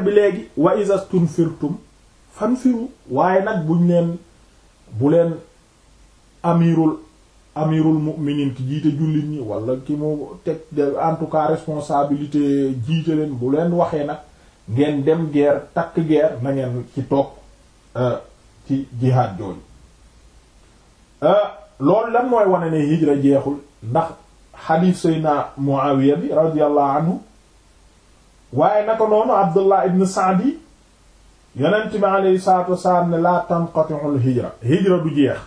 bi léegi wa isastun firtum fan firu waaye nag buñ leen bu leen amirul amirul mu'minin ki jiite jullit ñi wala ki mu teg en tout cas responsabilité jiite leen bu leen waxee nag ngeen dem guerre takk guerre na ci toog euh, ci jihaad jooju euh, loolu lan mooy wane ne hijra jeexul ndax xadiis sayna Muawiya bi radiyallahu anhu waaye naka noonu abdullah ibn saadi yonent bi aleyhi la tanqati'ul hijra hijra du jeex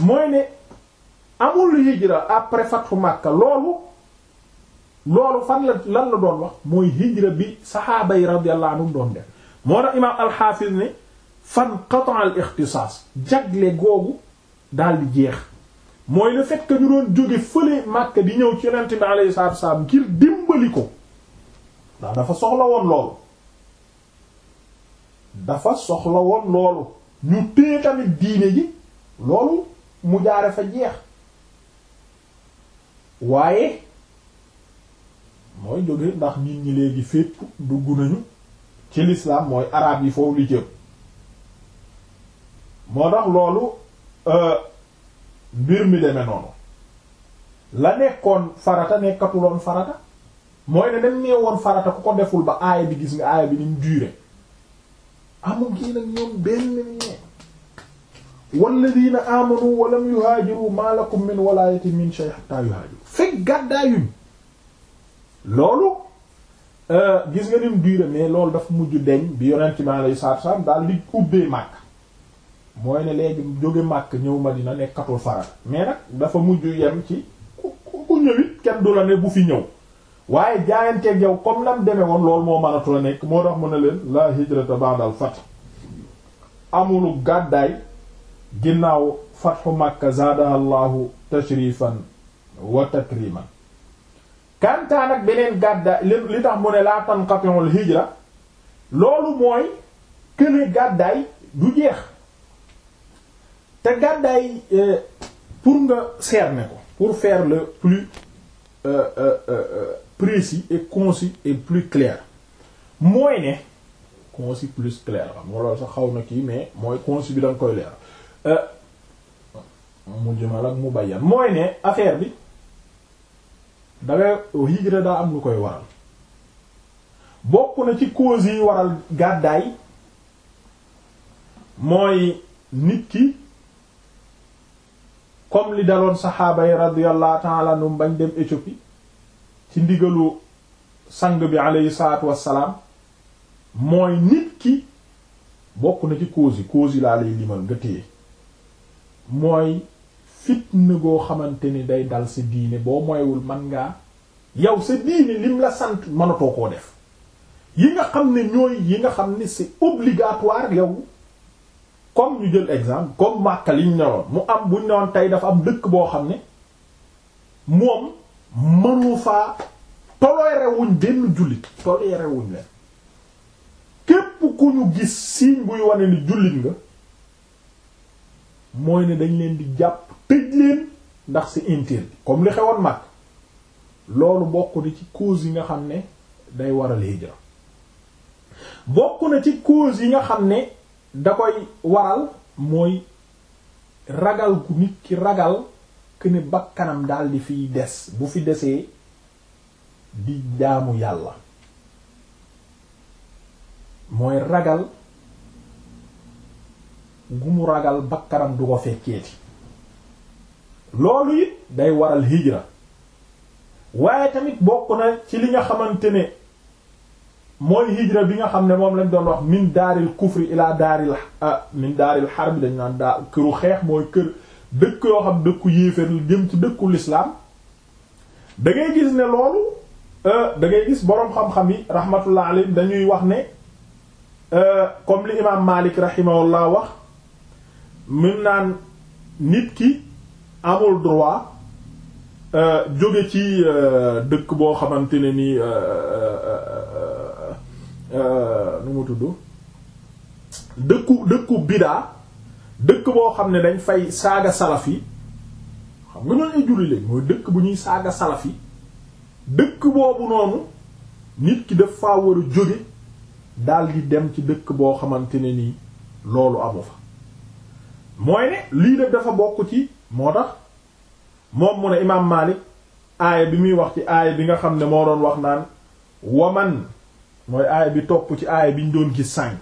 mooy ne amul hijra après fathu Makka loolu loolu fan la lan la doon wax mooy hijra bi saxaaba yi radiyallahu anhum doon def moo tax imaam alxaafis ne fan qata'a al ixtisaas jagle googu daal di jeex mooy le fekk du ñu doon jóge fële Makka di ñëw ci yonent bi aleyhi salatu ngir dimbali ko ndax dafa soxla woon loolu dafa soxla woon loolu ñu téye tamit diine ji loolu mu jaare fa jeex waaye mooy jóge ndax nit ñi léegi fépp dugg nañu ci lislaam mooy araab yi foofu li moo tax loolu euh, mbir mi deme noonu la nekkoon farata nekkatuloon farata mooy ne dañ nee woon farata ku ko deful ba aaya bi gis nga aaya bi ni mu duré amu gi nag ñoom benn ne walladina amanu walam yuhaajiru ma lakum min walaayati min shay hatta yuhaajiru fekk gàddaayuñ loolu euh, gis nga ni mu mais loolu dafa mujj deñ bi yonent mi alayhi salaatu wassalaam daal di ubbee Makka mooy ne léegi jóge Makka ñëw Madina nekkatul farata mais nag dafa mujj yem ci ku ku ñëwit kenn du la ne bu fi ñëw waaye jaayanteeg yow comme nam demee woon loolu moo mënatu nekk moo tax mu ne leen la hijrata ba'dal fath amulu gàddaay ginnaaw fathu makka zaadaha llahu tashrifan wa takriman kantaa nag beneen gàddaay li tax mu ne la tanqati'ul hijra loolu mooy këne gàddaay du jeex te gàddaay euh, pour nga cerner ko pour faire le plus euh, euh, précis et concis et plus clair mooy ne concis plus clair xam nga loolu sax xaw na kii mais mooy concis bi da nga koy leer mujmal euh, ak mubayyan mooy ne affaire bi dangay hijra daa am lu koy waral bokk na ci causes yi waral gàddaay mooy nit ki comme li daloon saxaaba yi radiyallahu ta'ala anhum bañ dem Éthiopie ci ndigalu sang bi aleyhi salaatu wassalaam mooy nit ki bokk na ci cause yi cause yi laa lay limal nga téye mooy fitna goo xamante ni day dal sa diine boo moywul man ngaa yow sa diine lim la sant mënatoo koo def yi nga xam ne ñooy yi nga xam ne c'est obligatoire yow comme ñu jël exemple comme Makka liñ newoon mu am bu newoon tey dafa am dëkk boo xam ne moom mënu faa toléré wuñ benn jullit toléré wuñ leen képp ku ñu gis signe buy wane ni jullit nga mooy ne dañ leen di jàpp tëj leen ndax c'est interdit comme li xewoon mag loolu bokk na ci cause yi nga xam ne day waral hijra na ci cause yi nga xam ne da koy waral mooy ragal gu nit ki ragal que ne bakkanam dal di fiy des bu fi desee di jaamu yàlla mooy ragal gu mu ragal bakkanam du ko fekkeeti loolu it day waral hijra waaye tamit bokk na ci li nga xamante ne mooy hijra bi nga xam ne moom lañ doon wax min daaril kufri ilaa daaril ah, min daaril harbi dañ naan daa këru xeex mooy kër dëkk yoo xam dëkku yéeféer la jëm ci dëkku lislaam da gis ne loolu euh, dangay gis boroom xam-xam yi rahmatullah alayhim dañuy wax ne euh, comme li imaam Maalik rahimahullah wax mën naan nit ki amul droit euh, jóge ci dëkk boo xamante ne ni nu mu tudd dëkku dëkku bidaa dëkk boo xam ne dañ fay saaga salaf yi xam nga ñooñu ay julli lañ mooy dëkk bu ñuy saaga salaf yi dëkk boobu noonu nit ki dafa war a jóge daal di dem ci dëkk boo xamante ne nii loolu amu fa mooy ne lii def dafa bokk ci moo tax moom mu ne imaam Maalik aaya bi muy wax ci aay bi nga xam ne moo doon wax naan waman mooy aaya bi topp ci aay bi ñu doon gis sànq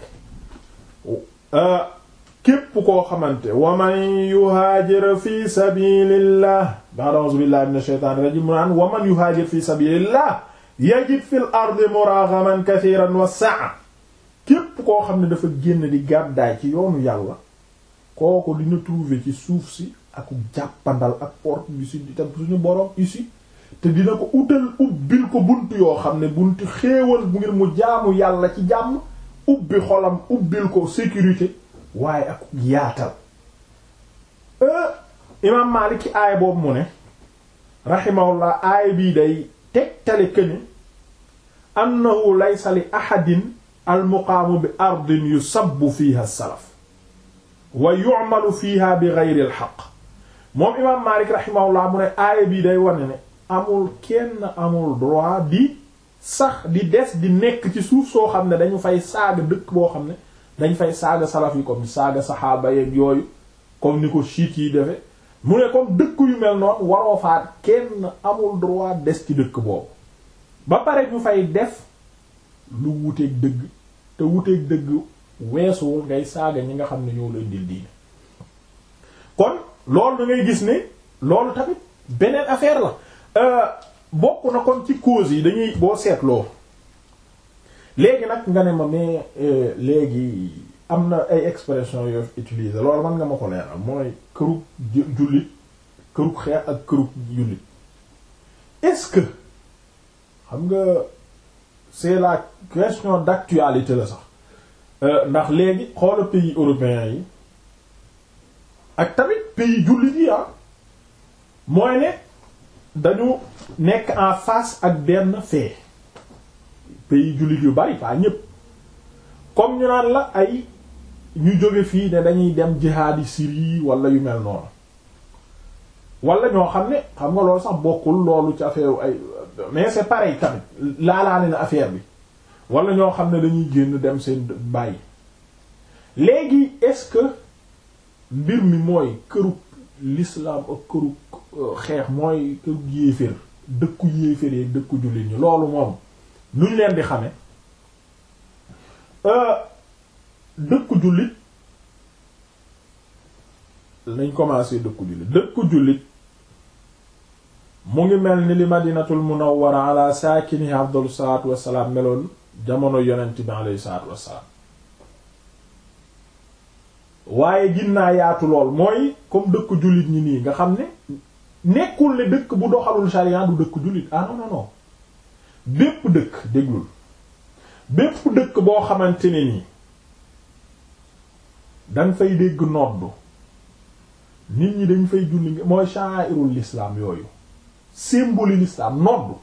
képp koo xamante wa man yuhaajir fi sabilillah ba'uuzu billahi minash shaytaanir rajiim naan wa man yuhaajir fi sabilillah yajid fil ardi muraghaman kathiran wa képp koo xam ne dafa génn di gàddaay ci yoonu yàlla kooku dina trouver ci suuf si ak jàppandal ak porte bi si tam suñu borom ici te dina ko utal ubbil ko bunt yoo xam ne bunt xéewal bu ngir mu jaamu yàlla ci jàmm ubbi xolam ubbil ko sécurité waaye ak yaatal euh, imaam Maalik aaya boobu mu ne rahimahullah aaya bii day tegtale këni annahu laysa li ahadin almuqaamu bi ardin yusabbu fiha salaf wa yu'malu fiha bi ghayri alhaq moom imaam Maalik rahimahullah mu ne aaya bii day wane ne amul kenn amul droit di sax di des di nekk ci suuf soo xam ne dañu fay saaga dëkk boo xam ne dañ fay saaga salaf yi comme saaga saxaaba yeeg yooyu comme ni ko chiite yi defe mu ne comme dëkk yu mel noonu waroo faat kenn amul droit des ci dëkk boobu ba pare ñu fay def lu wuteeg dëgg te wuteeg dëgg weesuwul ngay saaga ñi nga xam ne ñoo la indil kon loolu da gis ni loolu tamit beneen affaire la euh, bokk na kon ci cause yi dañuy boo seetloo léegi nag nga ne ma mais euh, léegi am na ay expression yoo utiliser loolu man nga ma ko leeral mooy kërug jullit kërug xeer ak kërug jullit est-ce que xam nga c'est la question d'actualité la sax euh, ndax léegi xoola pays européens yi ak tamit pays jullit yi ah mooy ne dañu nekk en face ak benn fee pays jullit yu bari pas ñépp comme ñu naan la ay ñu jóge fii ne dañuy dem jihaadi Syrie wala yu mel noonu wala ñoo xam ne xam nga loolu sax bokkul loolu ci affaire ay mais c'est pareil tamit laalaale na affaire bi wala ñoo xam ne dañuy génn dem seen bàyyi léegi est-ce que mbir mi mooy këru l'islam ak kërug euh, xeex mooy kërug yéeféer dëkku yéeféer dëkku jullit ñi loolu moom nuñ leen di xame euh, dëkku jullit nañ commencé dëkku jullit dëkku jullit mu ngi mel ni li madinatul munawwara ala saakini afdalu salaatu wassalaam meloon jamono yonent bi alayhi salaatu wassalaam waaye ginnaa yaatu lool mooy comme dëkk jullit ñi nii nga xam ne nekkul ne dëkk bu doxalul sharia du dëkku jullit ah non non bépp dëkk déglul bépp dëkk boo xamante ne ni dañ fay dégg noddu nit ñi dañ fay julli mooy sha'irul l'islam yooyu symbole l'islam noddu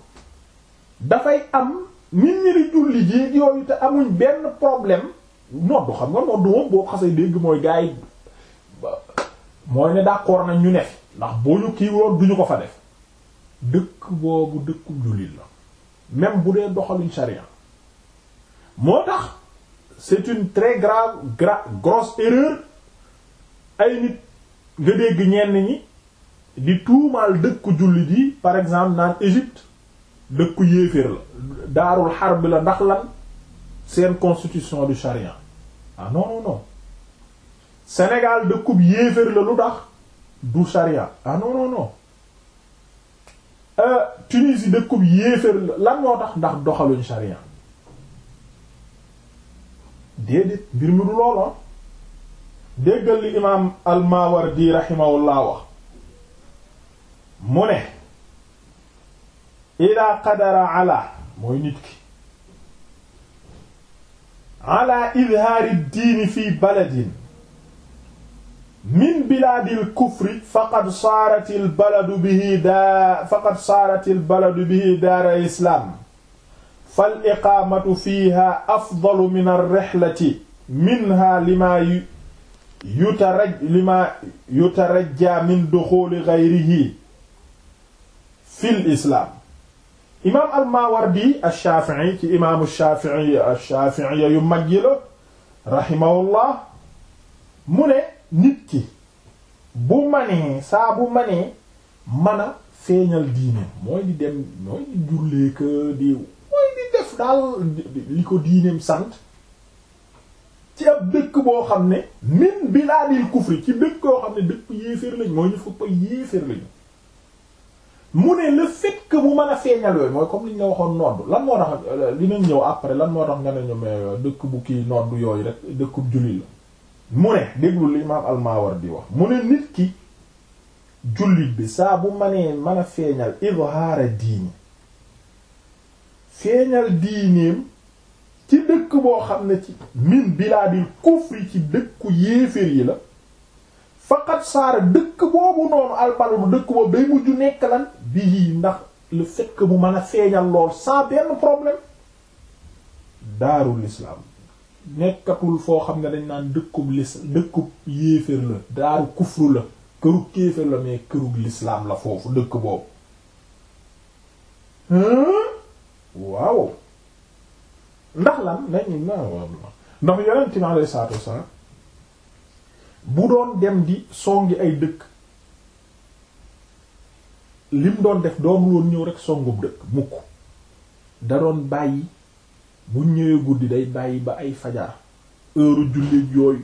dafay am nit ñi di julli ji yooyu te amuñ benn problème noddu xam nga noddu moom boo xasee dégg mooy gars yi mooy ne d'accord nañ ñu ne ndax boo ñu kii du ñu ko fa def dëkk boobu dëkku jullit la même bu dee doxaluñ charia moo tax c'est une très grave gra grosse erreur ay nit nga dégg ñenn ñi di tuumaal dëkku jullit yi par exemple naan Égypte dëkku yéeféer la daarul xarb la ndax lan seen constitution du charia ah non non non Sénégal dëkkub yéeféer la lu tax du charia ah non non non Euh, Tunisie dëkkub yéeféer lan moo tax ndax doxaluñ sharia déedéet mbir mi du looloon ah. déggal li imaam al-Mawardi rahimahullah wax mu ne ila qadara ala mooy nit ki ala izhaari diini fi baladin min bilaadil kufri faqad saaratil baladu bihi daa faqad saaratil baladu bihi daara islaam fal iqaamatu fiiha afdalu min ar-rihlati minha lima yutaraj lima yutarajja min duxuuli gayrihi fil islaam. imaam al-Maawardi ash-Shaafi'i ci imaamu ash-Shaafi'i ash-Shaafi'i yu mag yi la rahimahullah mu ne. nit ki bu manee saa bu manee man a feeñal diine mooy di dem mooy di jullee que di mooy di def daal li ko diineem sant ci ab dëkk boo xam ne min bilaadil kufri ci dëkk koo xam ne dëkk yéeféer lañ mooy ñu fëpp ay yéeféer lañu mu ne le fait que mu mën a feeñal yooyu mooy comme li ñu waxoon nodd lan moo tax dinañ ñëw après lan moo tax nga ne ñoom dëkk bu kii nodd yooyu rek dëkkub julli la mu ne déglu imaam al wax mu ne nit ki jullit bi saa bu manee mën a feeñal izhaara diini feeñal diineem ci dëkk boo xam ne ci min bilaadil kufri ci dëkku yéeféer yi la faqat saara dëkk boobu noonu albaladu dëkk boobu day mujj nekk lan bi yii ndax le fait bu mu mën a feeñal lool sans benn problème daarul islam nekkatul foo xam nga dañ naan dëkkub lis dëkkub yéeféer la daaru kufru la këru kéeféer la mais kërug lislaam la foofu dëkk boobu waaw ndax lan ndax yonent mi alayhi salaatu wassalaam bu doon dem di songi ay dëkk lim doon def doon woon ñëw rekk songub dëkk mukk da doon bàyyi bu ñëwee guddi day bàyyi ba ay fajar heure jullit yooyu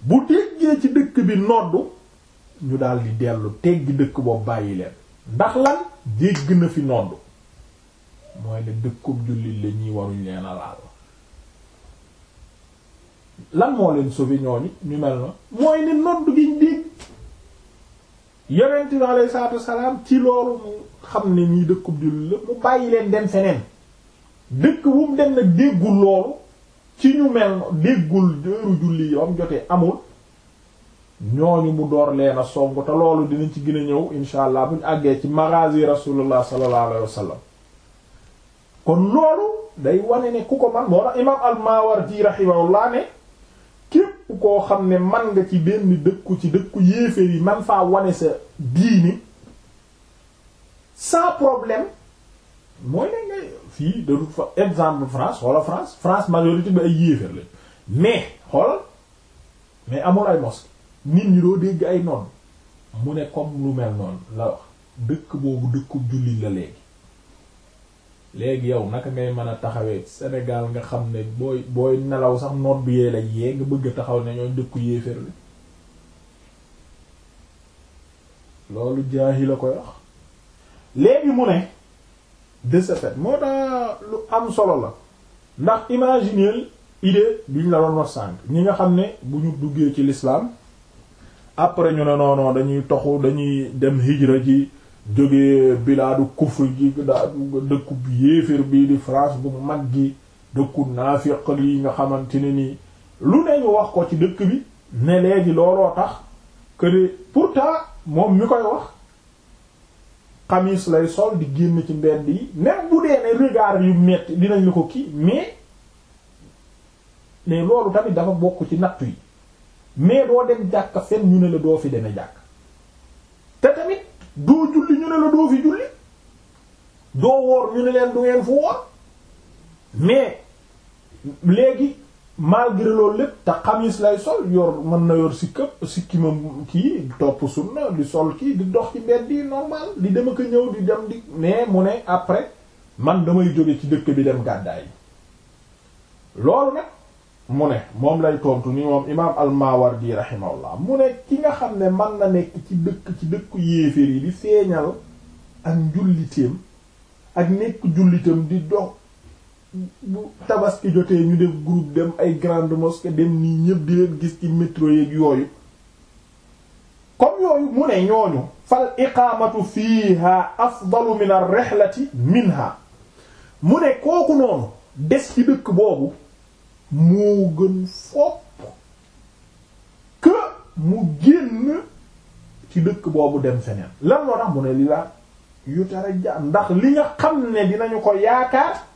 bu déggee ci dëkk bi nodd ñu daldi di dellu teggi dëkk boobu bàyyi leen ndax lan dégg na fi noddu mooy ne dëkkub jullit la ñuy waruñ leen a laal lan moo leen sauvé ñooñu ñu mel na mooy ne noddu giñ dégg yonent bi alayhi salaatu wasalaam ci loolu mu xam ne ñiy dëkkub jullit la mu bàyyi leen dem feneen dëkk bu mu dem nag déggul loolu ci ñu mel déggul dëru julli yom jotee amul ñooñu mu door leena song te loolu dinañ ci gën a ñëw insha allah bu ñu àggee ci maghazi rasulullah sallallahu alayhi wasallam kon loolu day wane ne ku ko man moo tax imam al-Mawardi rahimahullah ne képp koo xam ne man nga ci benn dëkku ci dëkku yéeféer yi man faa wane sa diini sans problème mooy ne nga fii de toute façon exemple France wala France France majorité bi ay yéefar lañ mais xoolal mais amul ay mosquée nit ñi doo dégg ay noon mu ne comme lu mel noonu la dëkk boobu dëkkub jullit la léegi léegi yow naka ngay mën a taxawee Sénégal nga xam ne booy booy nelaw sax noon bi yee la yee nga bëgg a taxaw ne ñooy dëkku yéefar la loolu jaahi la koy wax léegi mu ne de ce moo tax lu am solo la ndax imaginer idée bi ñu la doon wax sànq ñi nga xam ne bu ñu duggee ci lislaam après ñu ne non dañuy toxu dañuy dem hijra ji jógee bilaadu kufr ji daa dëkku bi yéeféer bii di France bu mag gi dëkku naafiq yi nga xamante ne nii lu ne ñu wax ko ci dëkk bi ne léegi looloo tax que pourtant moom mi koy wax xamis lay sol di génn ci mbedd yi même bu dee ne regard yu metti dinañ la ko kii mais mais loolu tamit dafa bokk ci nattu yi mais doo dem jàkk fenn ñu ne la doo fi deme jàkk te tamit doo julli ñu ne la doo fi julli doo woor ñu ne leen du ngeen fu woor mais léegi malgré loolu lépp te xamiis lay sol yor mën na yor si këpp si kimam kii topp sunna li sol kii di dox ci mbedd yi normal di dem ak ñëw di dem di mais mu ne après man damay jóge ci dëkk bi dem gàddaay loolu nag mu ne moom lay tontu ni moom imaam al-Mawardi mu ne ki nga xam ne man na nekk ci dëkk ci dëkku yéeféer yi di seeñal ak njulliteem ak nekk jullitam di dox bu tabaski jotee ñu def groupe dem ay grande mosquée dem nii ñëpp di gis ci métro yeeg yooyu comme yooyu mu ne ñooñu fal iqaamatu fiiha afdalu min ar-rihlati minha mu ne kooku noonu des ci dëkk boobu moo gën fopp que mu génn ci dëkk boobu dem feneen lan moo tax mu ne li yu tara ndax li nga xam ne dinañu ko yaakaar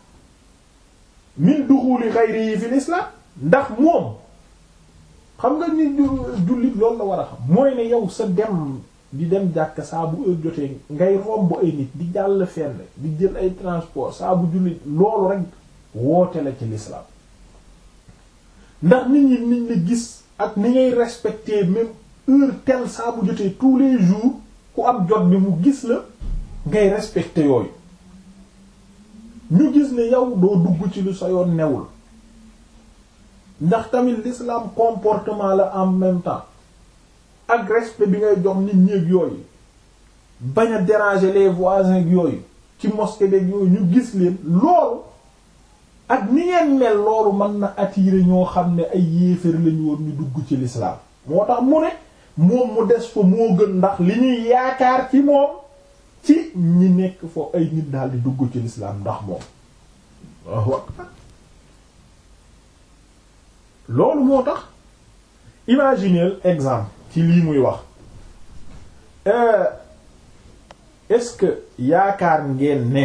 min duxuli xayri yi fil islam ndax moom xam nga ni jullit loolu la war a xam mooy ne yow sa dem di dem jàkk saabu bu heure jotee ngay romb ay nit di jàll fenn di jël ay transport saa jullit loolu rek woote la ci l'islam ndax nit ñi nit la gis ak ni ngay respecter même heure tel saa bu jotee tous les jours ku am jot bi mu gis la ngay respecter yooyu ñu gis ne yow doo dugg ci lu sa yoon newul ndax tamit l'islam comportement la en même temps ak respect bi ngay jox nit ñéeg yooyu bañ a déranger les voisins yooyu ci mosquée beeg yooyu ñu gis leen loolu ak ni ngeen mel loolu mën na attirer ñoo xam ne ay yéefar lañu woon ñu dugg ci l'islam moo tax mu ne moom mu des fa moo gën ndax li ñuy yaakaar ci moom ci ñi nekk foo ay nit daal di dugg ci lislaam ndax moom waaw loolu moo tax imagineel exemple ci lii muy wax euh, est-ce que yaakaar ngeen ne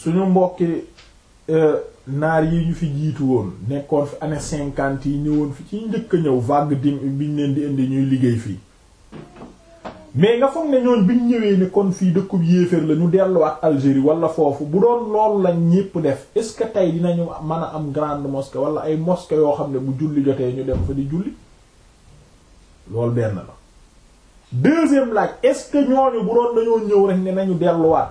suñu mbokki euh, naar yi ñu fi jiitu woon nekkoon fi année cinquante yi ñëwoon fi ci njëkk ñëw vague bi biñ leen di indi ñuy liggéey fii mais nga foog ne bi ñu ñëwee ni kon fii dëkkub yéeféer la ñu delluwaat Algérie wala foofu bu doon loolu lañ ñépp def est-ce que tey dinañu mën a am grande mosquée wala ay mosquée yoo xam ne bu julli jotee ñu dem fa di julli loolu benn la deuxième laaj est-ce que ñooñu bu doon dañoo ñëw rek ne nañu delluwaat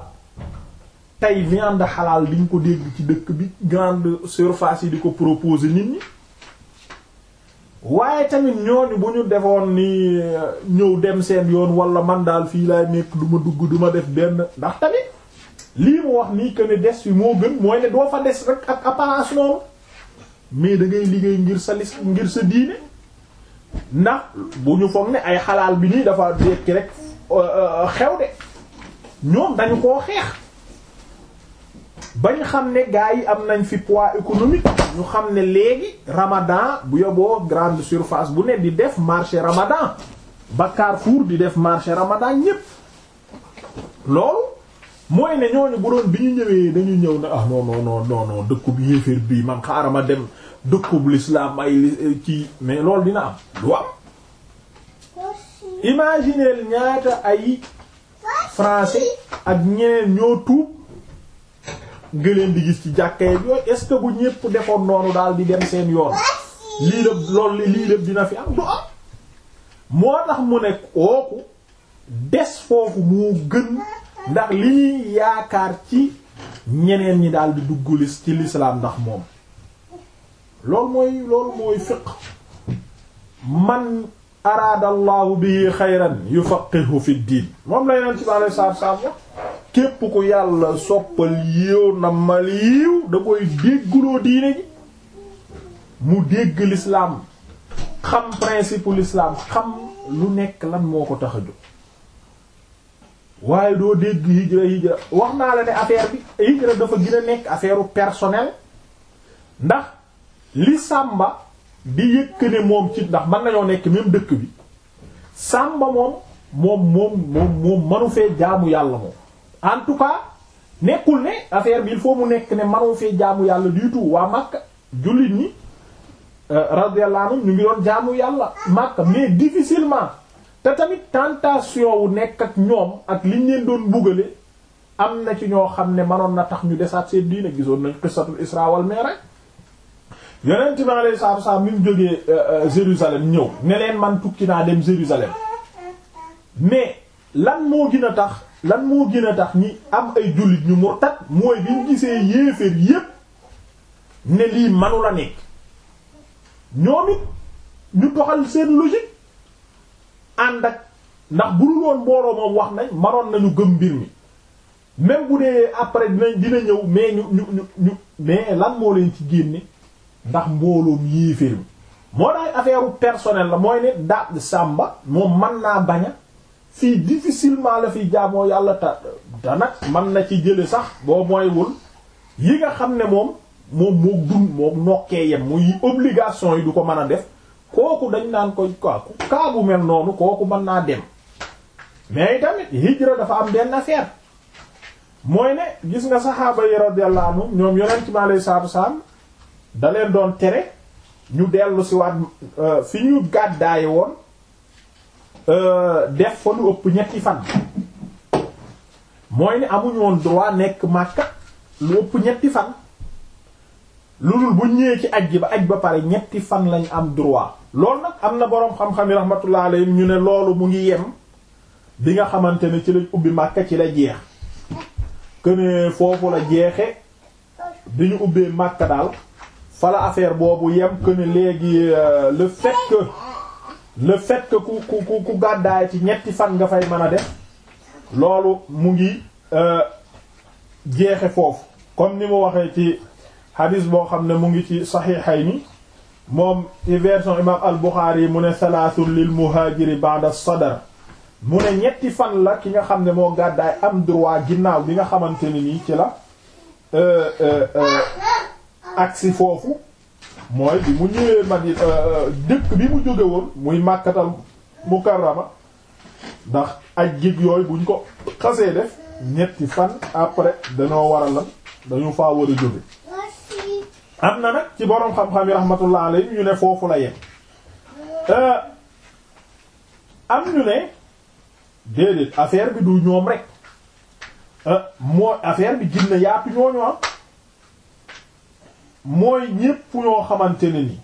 tey viande xalaal diñ ko dégg ci dëkk bi grande surface yi di ko proposer nit ñi waaye tamit ñooñu bu ñu defoon ni euh, ñëw dem seen yoon wala man daal fii laay nekk du dugg duma def benn ndax tamit lii mu wax nii que ne des fi moo gën mooy ne doo fa des rek ak apparence noonu mais da ngay liggéey ngir sa lis ngir sa diine ndax bu ñu foog ne ay xalaal bi nii dafa dekki rek euh, euh, xew de ñoom dañu koo xeex bañ xam ne gaa yi am nañ fi poids économique ñu xam ne léegi ramadan bu yoboo grande surface bu ne di def marché ramadan ba Carrefour di def marché ramadan ñépp loolu mooy ne ñooñu bu doon bi ñu ñëwee dañu ñëw ne ah non non non dëkkub yéeféer bii man xaaral ma dem dëkkub l'islam ay eh, ci mais loolu dina am du am imaginez ñaata ay français ak ñeneen ñoo tuub nga leen di gis ci jàkkee yooyu est-ce bu ñépp defoon noonu daal di dem seen yoon lii lépp loolu lii lépp dina fi am moo tax mu ne kooku des foofu moo gën ndax li yaakaar ci ñeneen ñi daal di dugg lis ci lislaam ndax moom loolu mooy loolu mooy fiqh man araada allahu bihi xayran yufaqihu fi diin moom la yeneen ci bale saab saab wax képp ko yàlla soppal yiw na mal yiw da koy déggloo diine ji mu dégg lislaam xam principe lislaam xam lu nekk lan moo ko tax a jóg waaye doo dégg hijra hijra wax naa la ne affaire bi hijra dafa gin a nekk affaire personel ndax li sàmba di yëkk ne moom ci ndax mën nañoo nekk même dëkk bi sàmba moom moom moom moom moom manu fee jaamu yàlla moom en tout cas nekkul ne affaire bi foo mu nekk ne manoo fee jaamu yàlla du tout waa Makka jullit ñi euh, radiyallahu anhum ñu ngi doon jaamu yàlla Makka mais difficilement te tamit tentation wu nekk ak ñoom ak liñ leen doon bugale am na ci ñoo xam ne manoon na tax ñu desaat seen diine gisoon nañ qissatul Isra wal Mi'raj yonent bi alayhi salaatu wasallam mi mu jógee euh, euh, Jérusalem ñëw ne leen man tukki naa dem Jérusalem mais lan moo gën a tax lan moo gën a tax ñi am ay jullit ñu murtad mooy bi ñu gisee yéeféer yépp ne lii manu la nekk ñoom it ñu doxal seen logique ànd ak ndax bu dul woon mbooloo wax nañ manoon nañu gëm mbir mi même bu dee après dina ñëw mais ñu ñu ñu ñu mais lan moo leen ci génne ndax mbooloom yéeféer mi moo daay affaire personnelle la mooy ne daab sàmba moom mën naa baña fii difficilement la fiy jaamoo yàlla ta danag mën na ci jële sax boo mooywul yi nga xam ne moom moom moo dund moom nokkee yem muy obligation yi du ko mën a def kooku dañ naan ko quoi kaabu mel noonu kooku mën naa dem mais tamit hijra dafa am benn affaire mooy ne gis nga saxaaba yi radiyallahu anhum ñoom yonent ci alayhi salaatu salaam da leen doon tere ñu dellu si waat euh, fi ñu gàddaayi woon Euh, def fa lu ëpp ñetti fan mooy ne amuñu woon droit nekk Makka lu ëpp ñetti fan lu dul bu ñëwee ci aj ji ba aj ba pare ñetti fan lañ am droit loolu nag am na boroom xam-xam yi rahmatullah alayhim ñu ne loolu mu ngi yem bi nga xamante ne ci lañ ubbi Makka ci la jeex que ne foofu la jeexe bi ñu ubbee Makka daal fa la affaire boobu yem que ne léegi euh, le fait le fait que ku ku ku gàddaay ci ñetti fan nga fay mën a def loolu mu ngi euh, jeexe foofu kon ni mu waxee ci hadis boo xam ne mu ngi ci saxiixayni moom ci version imam al-Bukhari yi mu ne salaatul lil muhajiri ba'da sadar mu ne ñetti fan la ki nga xam ne moo gàddaay am droit ginnaaw bi nga xamante ni nii ci la euh, euh, agsi foofu mooy bi mu ñëwee Madina euh, euh, dëkk bi mu jóge woon muy Makkatal Mukarrama ndax ak jig yooyu buñ ko xasee def ñetti fan après dañoo war dañu faa war jóge am na nag ci boroom xam-xam yi rahmatullah alayhi ñu ne foofu la yem euh, am ñu ne déedéet affaire bi du ñoom rek moo affaire bi gin na yaatu ñooñu am ah. mooy ñépp ñoo xamante ne ni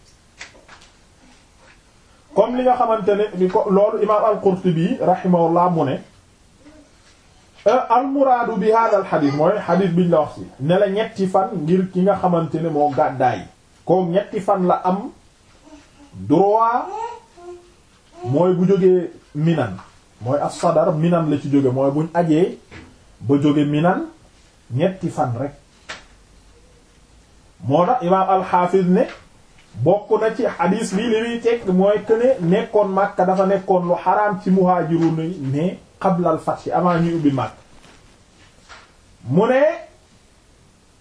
comme li nga xamante ne ni ko loolu imaam al-Qurtubi rahimahullah mu ne euh, almuraadu bi hada al xadis mooy xadis biñ la wax si ne la ñetti fan ngir ki nga xamante ne moo gàddaay ko ñetti fan la am droit mooy bu jógee minan mooy as sadar minan la ci jóge mooy buñ ajee ba jóge minan ñetti fan rek moo tax imaam alxaafis ne bokk na ci hadis bi li muy teg mooy que nekkoon Makka dafa nekkoon lu xaraam ci muhaajiruun yi mais qabla al fath avant ñuy ubbi Makka mu ne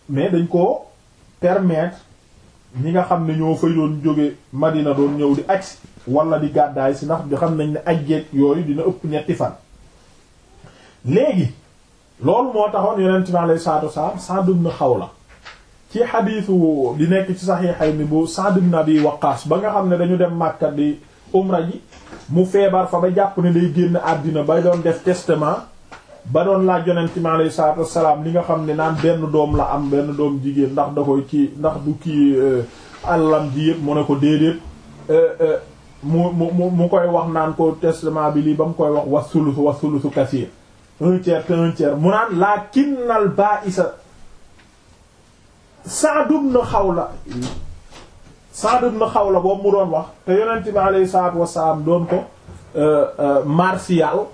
mais dañ ko permettre ñi nga xam ne ñoo fay doon jóge Madina doon ñëw di aj wala di gàddaay si ndax di xam nañ ne ajjeeg yooyu dina ëpp ñetti fan léegi loolu moo taxoon yonent bi alayhi salaatu wa salaam Sa'd ibn Xawla ci xadiisu di nekk ci saxiixay ni bu Sa'd ibn Abi Waqqaas ba nga xam ne dañu dem Makka di umra ji mu feebar fa ba jàpp ne day génn àddina ba doon def testament ba doon laaj yonent mi alayhi salaatu wassalaam li nga xam ne naan benn doom la am benn doom jigéen ndax da ci ndax du kii euh, àllam ji yëpp mu ne ko déedéet euh, euh, mu mu mu koy wax naan ko testament bi lii ba mu koy wax wa sulusu wa sulusu kasiir un tiers te un mu naan laakinnal baa'isa Sa'd ibn Xawla Sa'd xaw la boobu mu doon wax te yonent bi alayhi salaatu wasalaam doon ko euh, euh, martial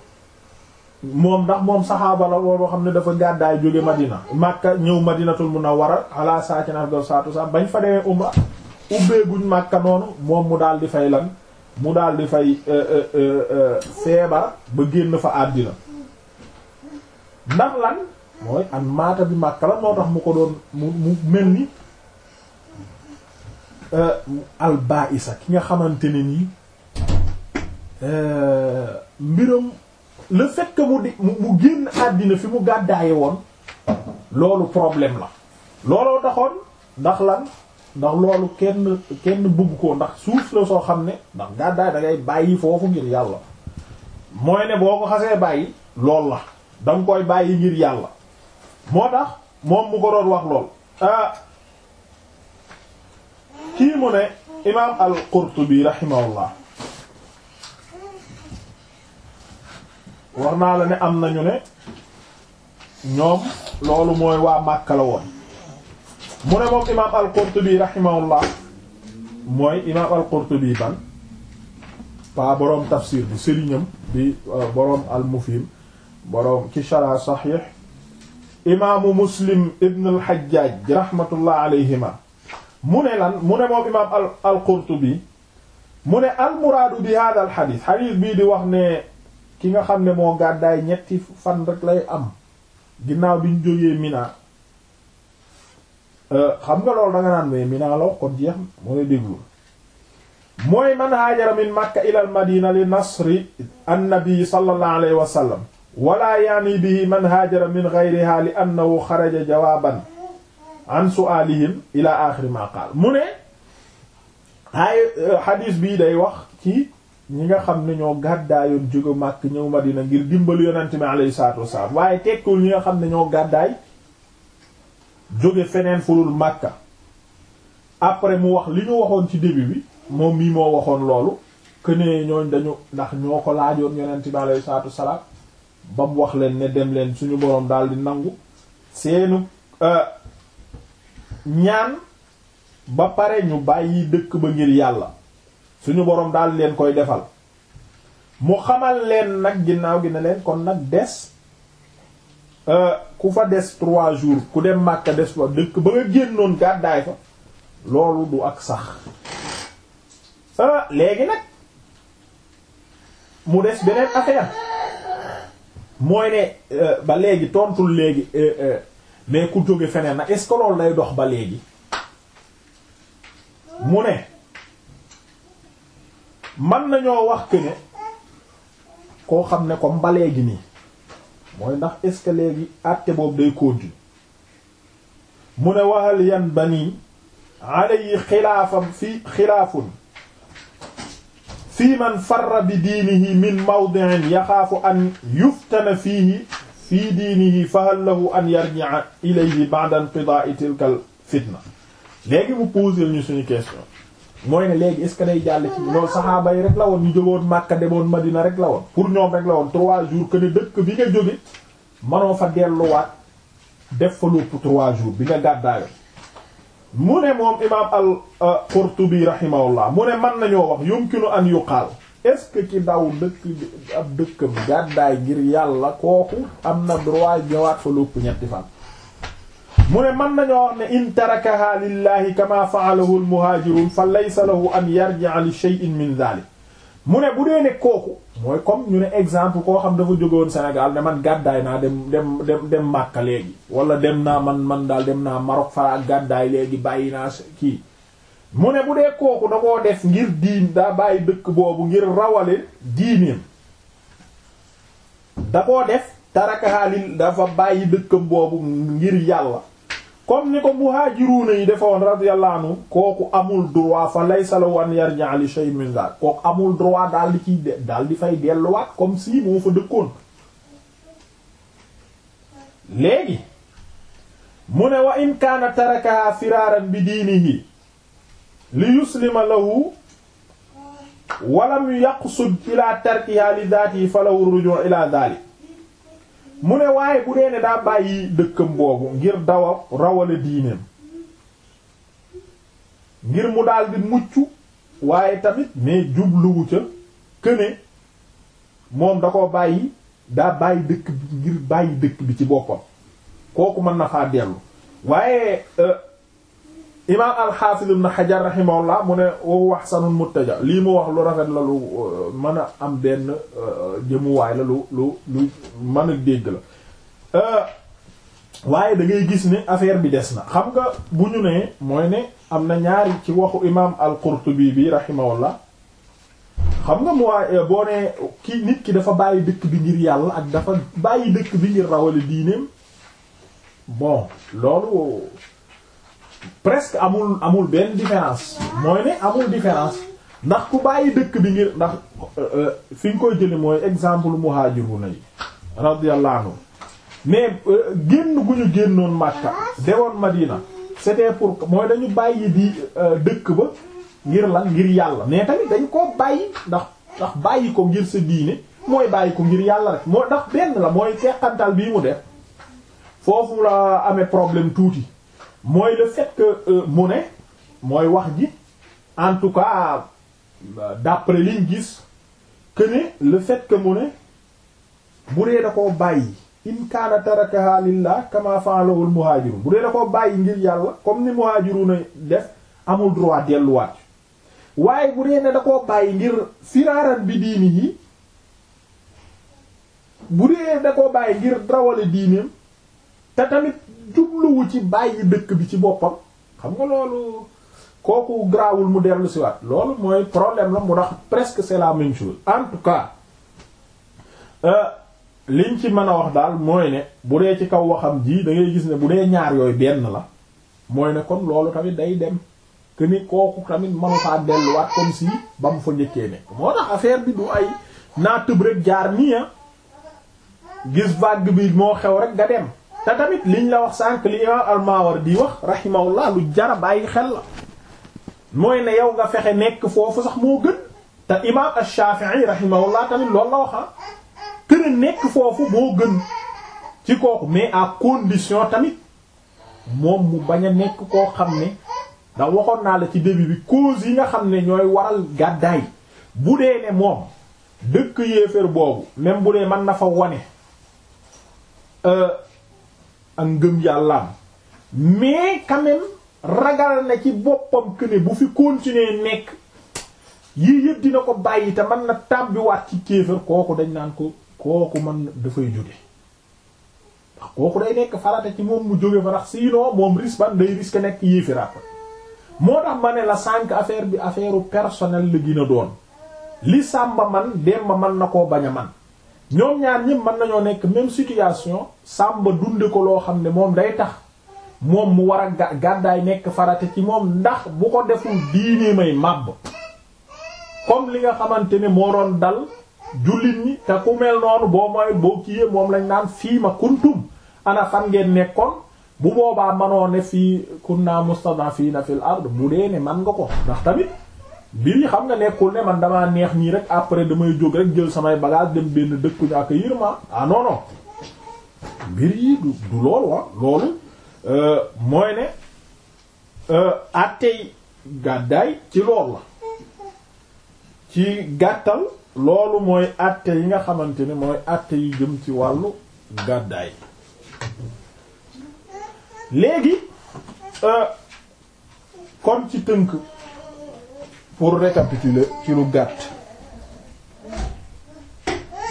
moom ndax moom saxaaba la boo xam ne dafa gàddaay jóge Madina Makka ñëw Madinatul Munawwara ala saakin afdal salaatu wasalaam bañ fa demee umra ubbee guñ Makka noonu moom mu daal di fay lan mu daal di fay euh, feebar ba génn fa àddina ndax lan mooy an maata bi Makka la moo tax mu ko doon mu mel ni euh, albaisa ki nga xamante ne nii euh, mbiram le fait que mu di mu génn àddina fi mu gàddaaye woon loolu problème la looloo taxoon ndax lan ndax loolu kenn kenn bëgg ko ndax suuf la soo xam ne ndax gàddaay da bàyyi foofu ngir yàlla mooy ne boo ko xasee bàyyi loolu la danga koy bàyyi ngir yàlla moo tax moom mu ko doon wax lool ah kii mu ne imaam al-Qurtubi rahimahullah war naa la ne am nañu ne ñoom loolu mooy waa Makka la woon mu ne moom imaam al-Qurtubi rahimahullah mooy imaam al-Qurtubi ban pa boroom tafsir bi sëriñam bi uh, boroom al-Mufhim boroom ci Sharh Sahih imaamu muslim ibn al-Hajjaj rahmatullah alayhima mu ne lan mu ne moom imaam al al-Qurtubi mu ne al-muraadu bi hada hadith hadith bii di wax ne ki nga xam ne moo gàddaay ñetti fan rek lay am ginnaaw bi ñu jógee Mina euh, xam nga loolu da nga naan mais Mina la wax kon jeex mu ne déglu mooy man haajara min Makka ila al-Madina li nasri an-nabi sallallahu alayhi wa wala yaani bi man haajara min ghayriha li annahu xaraja jawaaban an su'aalihim ila aaxiri ma mu ne ay euh, xadiis bii day wax ci ñi nga xam ne ñoo gàddaayoon jóge Màkk ñëw Madina ngir dimbali yonent bi alayhi salaatu wassalaam waaye tekkul xam ne ñoo gàddaay jóge feneen furul Màkka après mu wax li ñu waxoon ci début bi moom mii moo waxoon loolu que ne ñooñ dañu ndax ñoo ko laajoon yonent bi alayhi salaatu wassalaam ba mu wax leen ne dem leen suñu boroom daal di nangu seenu euh, ñaan ba pare ñu bàyyi dëkk ba ngir yàlla suñu boroom daal leen koy defal mu xamal leen nag ginnaaw gi ne leen kon nag des euh, ku fa des trois jours ku dem Màkka des fa dëkk ba nga génnoon gàddaay fa loolu du ak sax euh, léegi nag mu des beneen affaire mooy ne euh, ba léegi tontul léegi euh, euh, mais ku jóge feneen nag est-ce lay dox ba léegi mu ne man nañoo wax que koo xam ne comme ba léegi nii mooy ndax est léegi àtte boobu day continuer mu ne waxal yan banii yi xilaafam fi xilaafun fii man farra bi diinihi min mawdi'in yaxaafu an yuftana fiihi fii diinihi fahal lahu an yarji'a ilayhi ba'da inqidaa'i tilkal fitna léegi mu posé ñu suñu question mooy ne léegi est-ce que day jàll ci loolu saxaaba rek la woon ñu jógoon Makka demoon Madina rek la woon pour ñoom rek la woon trois jours que dëkk bi nga jóge manoo fa delluwaat def fa lopp trois jours bi nga gàddaayoon mu ne moom imaam al-Qurtubi euh, rahimahullah mu ne mën nañoo wax yumkinu an yuqaal est-ce que ci daw dëkk ab dëkkam gàddaay ngir yàlla kooku am na droit ñëwaat fa lupp ñetti fan mu ne mën nañoo wax ne in tarakaha lillahi kama fa'alahu al-muhajirun fa laysa lahu an yarji'a li shay'in min dhalik mu ne bu dee ne kooku mooy comme ñu ne exemple koo xam dafa jógewoon Sénégal ne man gàddaay naa dem dem dem dem Màkka léegi wala dem naa man man daal dem naa Maroc fara ak gàddaay léegi bàyyi naa kii mu ne bu dee kooku da koo def ngir diin daa bàyyi dëkk boobu ngir rawale diineem da koo def tarakaxaalil dafa bàyyi dëkkam boobu ngir yàlla comme ni ko muhaajiruuna yi defoon radiyallahu anhu kooku amul droit fa laysa lahu an yarji'a li shay'in min dhalik kooku amul droit daal di ciy daal di fay delluwaat comme si moo fa dëkkoon léegi mu ne wa in kaana taraka firaaran bi diinihi li yuslima lahu walam yaqsud ila tarkiha li dhatihi falahu rujuu ila dhalik mu ne waaye bu dee ne daa bàyyi dëkkam boobu ngir dawa rawale diineem ngir mu daal di mucc waaye tamit mais jubluwu ca këne moom da ko bàyyi daa bàyyi dëkk bi ngir bàyyi dëkk bi ci boppam kooku mën na faa dellu waaye euh, imaam alxaafiz ibn xajar rahimahullah mu ne wa muttaja lii mu wax lu rafet la lu uh, mën a am benn uh, jëmuwaay la lu lu mën a dégg la uh, waaye da ngay gis ni affaire bi des na xam nga bu ñu mooy ne am na ñaari ci waxu imaam al-Qurtubi bi rahimahullah xam nga mu waa boo nee ki nit ki dafa bàyyi dëkk bi ngir yàlla ak dafa bàyyi dëkk bi ngir rawale diineem bon loolu presque amul amul benn différence mooy ne amul différence ndax ku bàyyi dëkk bi ngir ndax euh, euh, fi nga koy jëli mooy exemple muhajiruna yi radiyallahu anhu mais euh, génn gu ñu génnoon Makka dewoon Madina c'était pour mooy dañu bàyyi di dëkk ba ngir lan ngir yàlla mais tamit dañ koo bàyyi ndax ndax bàyyi ko ngir sa diine mooy bàyyi ko ngir yàlla rek moo ndax benn la mooy teqantal bii mu def foofu la amee problème tuuti mooy le fait que euh, mu ne mooy wax ji en tout cas euh, d'après liñ gis que ne le fait que mu ne bu dee da koo bàyyi in kaana tarakaha lillah kama fa'alahu al bu dee da koo bàyyi ngir yàlla comme ni muhajiruna def amul droit delluwaat waaye bu dee ne da koo bàyyi ngir firaaran bi diini yi bu dee da koo bàyyi ngir drawale diineem te tamit jubluwu ci bàyyi dëkk bi ci boppam xam nga loolu kooku grawul mu dellu siwaat loolu mooy problème la mu ndax presque c'est la même en tout cas euh, liñ ci mën a wax daal mooy ne bu dee ci kaw waxam ji da ngay gis ne bu dee ñaar yooyu benn la mooy ne kon loolu tamit day dem que ni kooku tamit manu faa delluwaat comme si ba mu fa njëkkee ne moo tax affaire bi du ay naa tëb rek jaar nii ah, gis vague bi moo xew rek nga dem te tamit liñ la wax sànq li imam al-Mawardi wax rahimahullah lu jara bàyyi xel la mooy ne yow nga fexe nekk foofu sax moo gën te imam al-Shafi'i rahimahullah tamit loolu la wax ah kër nekk foofu moo gën ci kooku mais à condition tamit moom mu bañ a nekk koo xam ne da waxoon naa la ci début bi cause yi nga xam ne ñooy waral gàddaay bu dee ne moom dëkk yéeféer boobu même bu dee mën na fa wone euh, ak ngëm yàllaam mais quand ragal na ci boppam que bu fi continuer nekk yii yëpp dina ko bàyyi te man na tàbbiwaat ci kéefër kooku dañ naan ko kooku man dafay jóge ndax kooku day nekk farata ci moom mu jóge fa ndax sinon moom risque ban day risque nekk yéefiraat moo tax ma ne la sànk affaire bi affaire personnelle la gën a doon li sàmba man demba man na koo bañ a man ñoom ñaar ñëpp mën nañoo nekk même situation sàmba dunde ko loo xam ne moom day tax moom mu war a gàddaay nekk farate ci moom ndax bu ko deful diine may màbb comme li nga xamante ne moo doon dal jullit ñi te ku mel noonu boo mooy boo kiyee moom lañ naan fii ma kuntum ana fan ngeen nekkoon bu boobaa mënoo ne fii kunna mustadafina fil ard bu dee ne man nga ko ndax tamit biir yi xam nga nekkul ne man damaa neex ñii rek après damay jóg rek jël samay bagage dem benn dëkku ñu ak yër ma ah non non mbir yi du du loolu wa ah. loolu euh, mooy ne euh, àttey gàddaay ci lool la ci gàttal loolu mooy àtte yi nga xamante ne mooy àtte yi jëm ci wàllu gàddaay léegi euh, kon ci tënk pour récapituler ci lu gàtt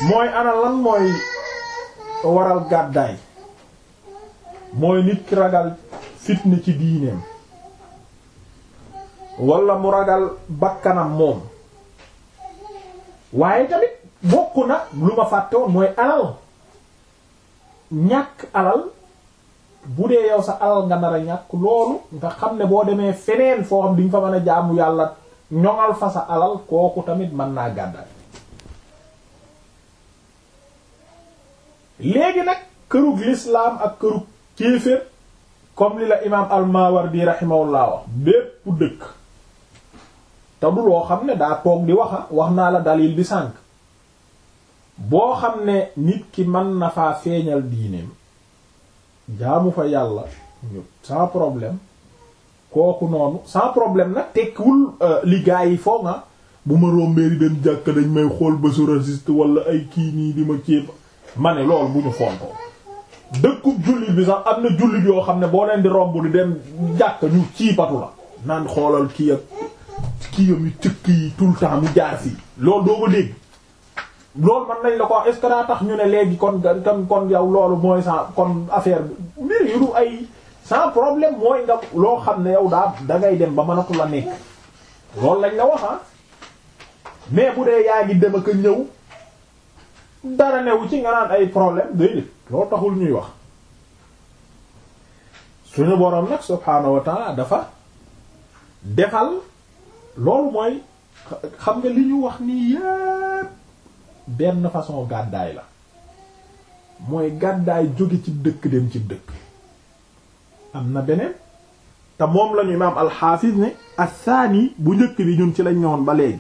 mooy ana lan mooy waral gàddaay mooy nit ki ragal fitna ci diineem wala mu ragal bakkanam moom waaye tamit bokk na lu ma fàtte mooy alal ñàkk alal bu dee yow sa alal nga nar a ñàkk loolu nga xam ne boo demee feneen foo xam di nga fa mën a jaamu yàlla ñoŋal fa sa alal kooku tamit mën naa gàddaay léegi nag kërug lislaam ak kërug kéefër comme li la imaam al-Mawardi rahimahullah wax bépp dëkk te du loo xam ne daa toog di waxa wax naa la dalil bi sànk boo xam ne nit ki mën na faa feeñal diineem jaamu fa yàlla ñu sans problème kooku noonu sans problème nag tekkiwul euh, li yi foo nga ah, bu ma rombee di dem jàkk dañ may xool bésu raciste wala ay kii nii di ma ceeb ma ne loolu bu ñu fontoo dëkkub jullit bi sax am na jullit yoo xam ne boo leen di romb di dem jàkk ñu ciibatu la naan xoolal kii ak kii yam yu tëkk yi tout temps mu jaar si loolu doo ko dégg loolu man nañ la ko est-ce daa tax ñu ne léegi kon kon yaw loolu mooy sa kon affaire bi mbir yu ay sans problème mooy nga loo xam ne yow daa dangay dem ba mënatu la nekk loolu lañ la wax ah mais bu dee yaa ngi dem ak ñëw dara newu ci nga naan ay problème day loolu taxul ñuy wax suñu boroom nag subhaanahu wa dafa defal loolu mooy xam nga li ñu wax nii yépp benn façon gàddaay la mooy gàddaay jóge ci dëkk dem ci dëkk am na beneen te moom lañu imaam alxaafis ne asaani bu njëkk bi ñun ci lañ ñëwoon ba léegi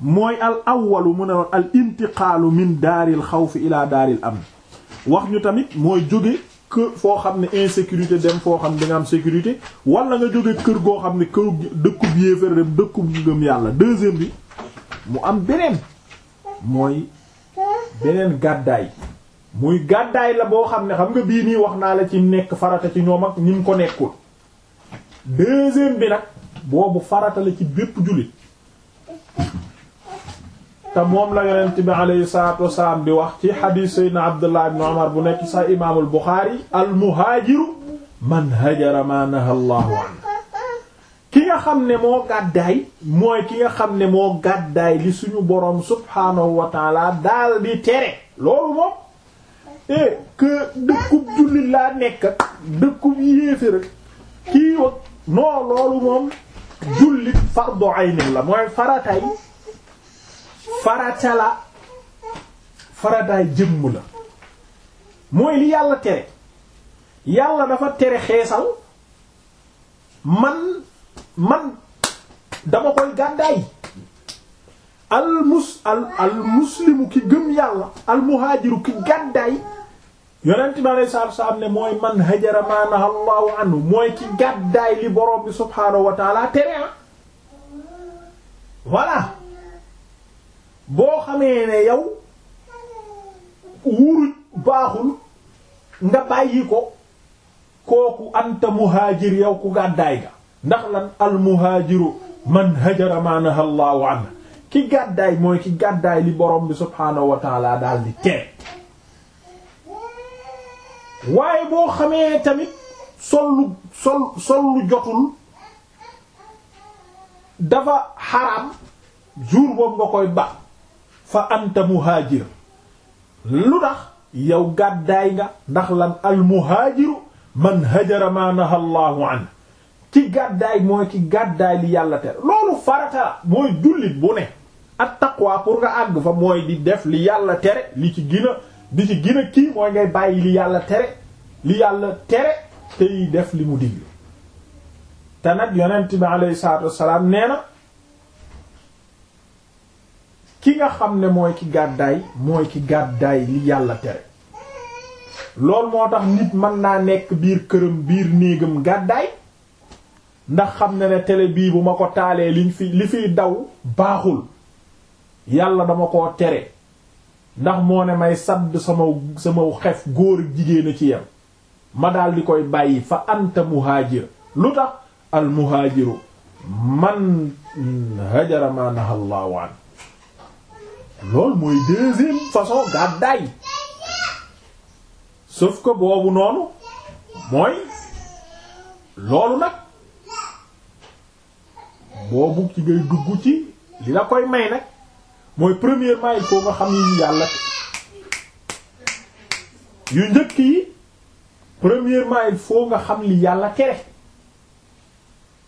mooy al awwalu mu ne woon al intiqaalu min daaril xaw fi ila daaril amn wax ñu tamit mooy jóge kër foo xam ne insécurité dem foo xam ne da nga am sécurité wala nga jóge kër goo xam ne kër dëkkub yéefar dem dëkkub gëm yàlla deuxième bi mu am beneen mooy beneen gàddaay muy gàddaay la boo xam ne xam nga bii nii wax naa la ci nekk farata ci ñoom ak ñi mu ko nekkul deuxième bi nag boobu farata la ci bépp jullit te moom la yonent bi alayhi salaatu wasalaam bi wax ci xadiis saydna abdullah ibn bu nekk sa imaamul buxaari al muhaajiru man hajara ma naha llahu an ki nga xam ne moo gàddaay mooy ki nga xam ne moo gàddaay li suñu boroom subhaanahu wa taala daal di tere loolu moom Eh, kii wag non loolu moom jullit fardu aynin la mooy faratay farata la farataay jëmm la mooy li yàlla tere yàlla dafa tere xeesal man man dama koy gàddaay al mus al al muslimu ki gëm yàlla al ki gàddaay yonent bi alei salatu salaam ne mooy man hajara ma anhu mooy ki gàddaay li borom subhaanahu wa taala tere ah boo xamee ne yow wuruj baaxul nga bàyyi ko kooku anta muhaajir yow ku gàddaay ga ndax lan al man hajara ma anhu ki gàddaay mooy ci gàddaay li borom bi subhaanahu wa taala daal waaye boo xamee tamit sol lu sol sol lu jotul dafa xaraam jour boobu nga koy ba fa anta muhaajir lu tax yow gàddaay nga ndax lan al muhaajiru man hajara ma an ki gàddaay mooy ci gàddaay li yàlla tere loolu farata mooy jullit bu ne at taqwa pour nga àgg fa mooy di def li yàlla tere li ci gën a di kii mooy ngay bàyyi li yàlla tere li yàlla tere tey def li mu digle te nag yonent bi alayhi salaatu wassalaam nee na ki nga xam ne mooy ki gàddaay mooy ci gàddaay li yàlla tere lool moo tax nit mën naa nekk biir këram biir néegam gàddaay ndax xam ne ne tele bii bu ma ko taalee li fi li fiy daw baaxul yàlla dama ko tere ndax moo ne may sadd sama sama xef góor ak jigéen ci yem ma daldi koy bàyyi fa anta muhaajir lu tax al man hajara ma naha Allahu an mooy deuxième façon gàddaay sauf que boobu noonu mooy loolu nag boobu ci ngay dugg ci li koy may nag mooy premièrement il faut nga xam yi yàlla yu njëkk yi premièrement il faut nga xam li yàlla tere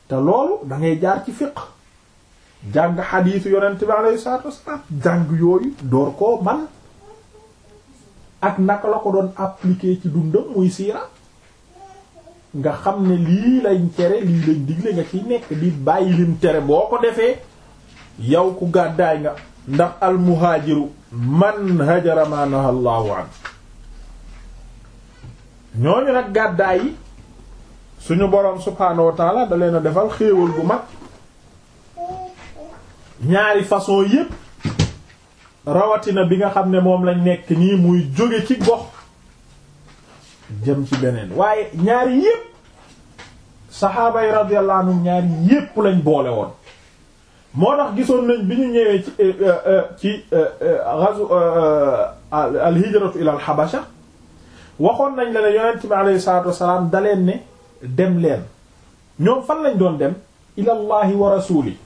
te loolu dangay jaar ci fiq jàng xadiisu yonent bi alayhi salaatu wassalaam jàng yooyu door koo man ak naka la ko doon appliquer ci dundam muy siira nga xam ne lii lañ tere lii lañ digle nga ciy nekk di bàyyi lim tere boo ko defee yow ku gàddaay nga ndax almuhaajiru man hajara ma naha Allahu an ñooñu nag gàddaay yi suñu boroom subhaanahu wa taala da leen a defal xéewal bu mag ñaari façon yépp rawatina bi nga xam ne moom lañ nekk nii muy jóge ci gox jëm ci beneen waaye ñaari yépp saxaaba yi radiyallahu anhum ñaari yépp lañ boole woon moo tax gisoon nañ bi ñu ñëwee ci euh, euh, euh, ci ghazu al hijratu ila al habasha waxoon nañ la ne yonent bi alayhi salaatu wasalaam daleen ne dem leen ñoom fan lañ doon dem ilallahi wa rasuli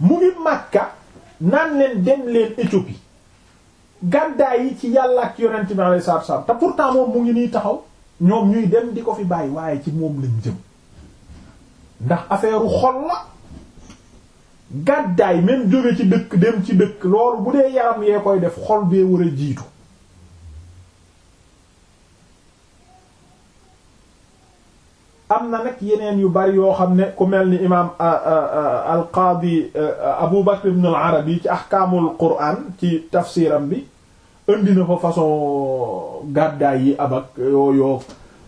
mu ngi Makka naan leen dem leen Éthiopie gàddaay yi ci yàlla ak yonent bi alayhi salaatu wasalaam te pourtant moom mu ngi nii taxaw ñoom ñuy dem di ko fi bàyyi waaye ci moom lañ jëm ndax affaire xol la gàddaay même jóge ci dëkk dem ci dëkk loolu bu dee yaram yee koy def xol bee war a jiitu am na nag yeneen yu bari yoo xam ne ku mel ni imaam al qaadi abu bakr ibn al arabi ci ahkaamul quraan ci tafsiram bi indi na fa façon gàddaay yi abak yooyu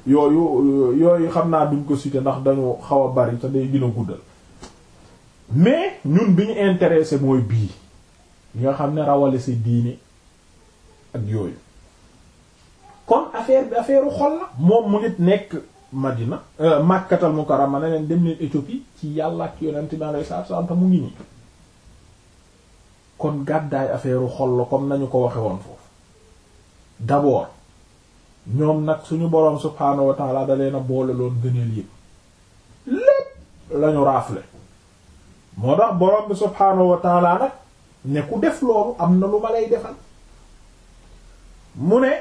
yooyu yooyu xam naa duñ ko citer ndax dañu xaw a bari te day gën guddal mais ñun bi ñu intéressé mooy bii li nga xam ne rawale ci diine ak yooyu kon affaire bi affaire u xol la moom mu nit nekk Madina euh, Makkatal Mukarrama ne leen dem leen Éthiopie ci yàlla ak yonent bi alayhi salaatu salaam te mu ngi nii kon gàddaay affaire u xol la comme nañu ko waxe woon foofu d'abord ñoom nag suñu boroom subhaanahu wa ta'ala da leen boole loolu gëneel yépp lépp lañu raafle moo tax borom bi subhaanahu wa taala nag ne ku def loolu am na lu ma lay defal mu ne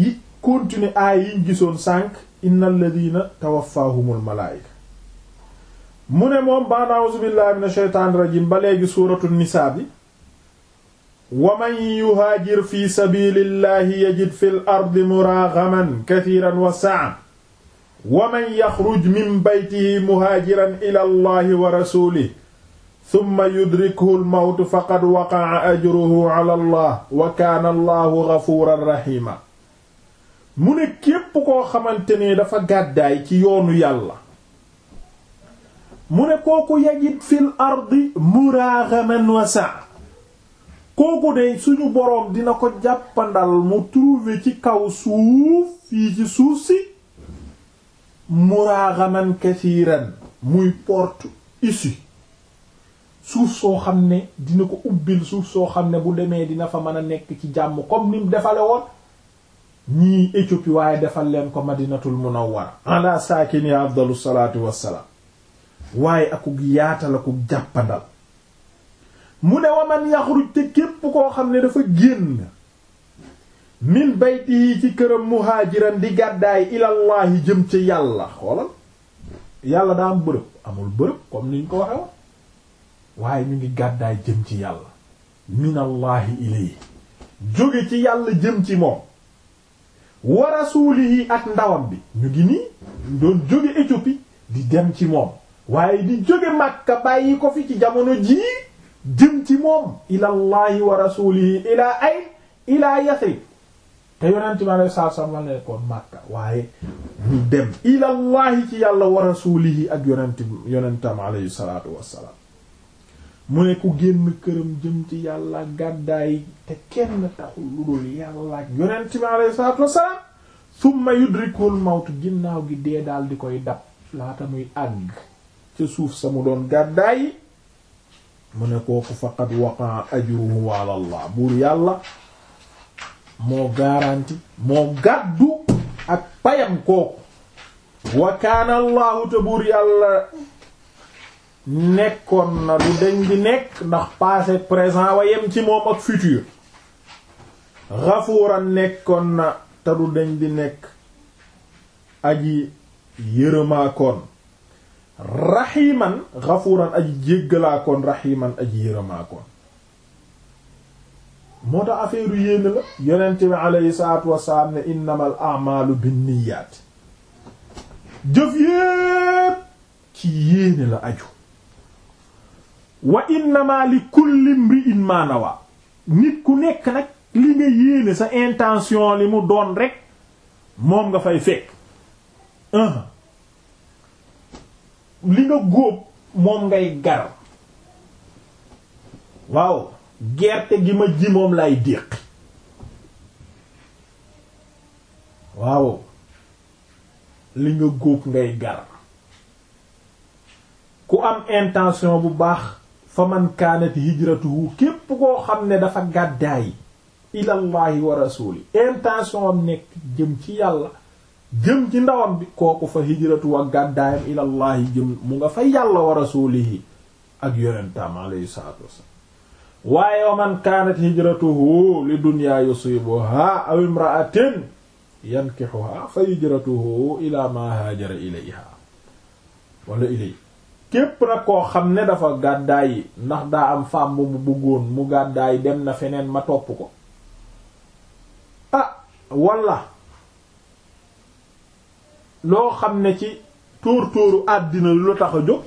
yi continuer aay yiñ gisoon sànq innal ladina tawaffahumul malaayika mu ne moom baan a'uuzu billahi minash shaytaanir rajiim ba léegi suuratu nisaa bi wa man yuhaajir fi sabilillahi yajid fil ardi muraaghaman kathiran wa sa'an wa man yaxruj min baytihi muhaajiran ila allahi wa rasulihi summa yudrikhu almawtu faqad waqa'a ajruhu allah wa kaana allahu gafuuran raxiima mu ne képp koo xamante ne dafa gàddaay ci yoonu yàlla mu ne kooku yajid fil ardi muraaxaman wasa kooku de suñu boroom dina ko jàppandal mu trouver ci kaw suuf fii ci suuf si muraaxaman kathiran muy porte issue suuf soo xam ne dina ko ubbil suuf soo xam ne bu demee dina fa mën a nekk ci jàmm comme ni mu defale woon ñii Éthiopie waaye defal leen ko madinatul munawwara ala saakini afdalu salaatu wassalaam waaye akuk yaatal akuk jàppandal mu ne waman yaxruj te képp koo xam ne dafa génn min bayti yi ci këram muhaajiran di gàddaay ilallaahi jëm ci yàlla xoolal yàlla daa am bërëb amul bërëb comme ni ñu ko waxee waaye ñu ngi gàddaay jëm ci yàlla minallaahi ilay jóge ci yàlla jëm ci moom ak ndawam bi ñu ngi nii doon di dem ci waaye di jóge Makka bàyyi ko fi ci jamono jii jëm ci moom ilallaahi wa rasuulihi ilaa ay ilaa Yasrib te yonent bi alei saatu salaam wal Makka waaye ñu dem ilallahi ci yàlla wa rasuulihi ak yonent yonentam alayhi salaatu wassalaam mu ne ku génn këram jëm ci yàlla gàddaay te kenn taxul lu dul yàlla yonent bi alayhi salaatu wassalaam summa yudrikul mawtu ginnaaw gi dee daal di koy dab laata muy àgg ca suuf sa mu doon gàddaay mu ne kooku faqad waqa ajruhu ala Allah buur yàlla moo garanti moo gàddu ak payam kooku wa te buur yàlla nekkoon na du deñ nekk ndax passé présent wa yem ci moom ak futur ghafuuran nekkoon na te du deñ nekk aji yërëmaakoon raxiiman ghafuuran aji jéggalaakoon raxiiman aji yërëmaakoon moo tax affaire yéene la yonent bi alayhi salaatu wassalaam ne innamal a'malu binniyat jëf yépp ci yéene la aju wa innama li kulli imri'in ma nawa nit ku nekk nag li nga yéene sa intention li mu doon rekk moom nga fay fekk li nga góob moom ngay gar waaw gerte gi ma jimoom laay lay déqi waaw li nga góob ngay gar ku am intention bu baax fa man kaanat hijratuhu képp koo xam ne dafa gàddaay ilallahi wa rasuli intention am nekk jëm ci yàlla jëm ci ndawam bi kooku fa hijratu wa gàddaayam ilallahi jëm mu nga fa yàlla wa rasulihi ak yonentam alayhi salatu wassalam waaye wa man kaanat hijratuhu li dunya yusibuha aw imra'atin yankixuha fa hijratuhu ila ma haajara ilayha wala ilay képp nag koo xam ne dafa gàddaay ndax daa am femme bu mu bëggoon mu gàddaay dem na feneen ma topp ko ah walla loo xam ne ci tóor tóoru àddina lu tax a jóg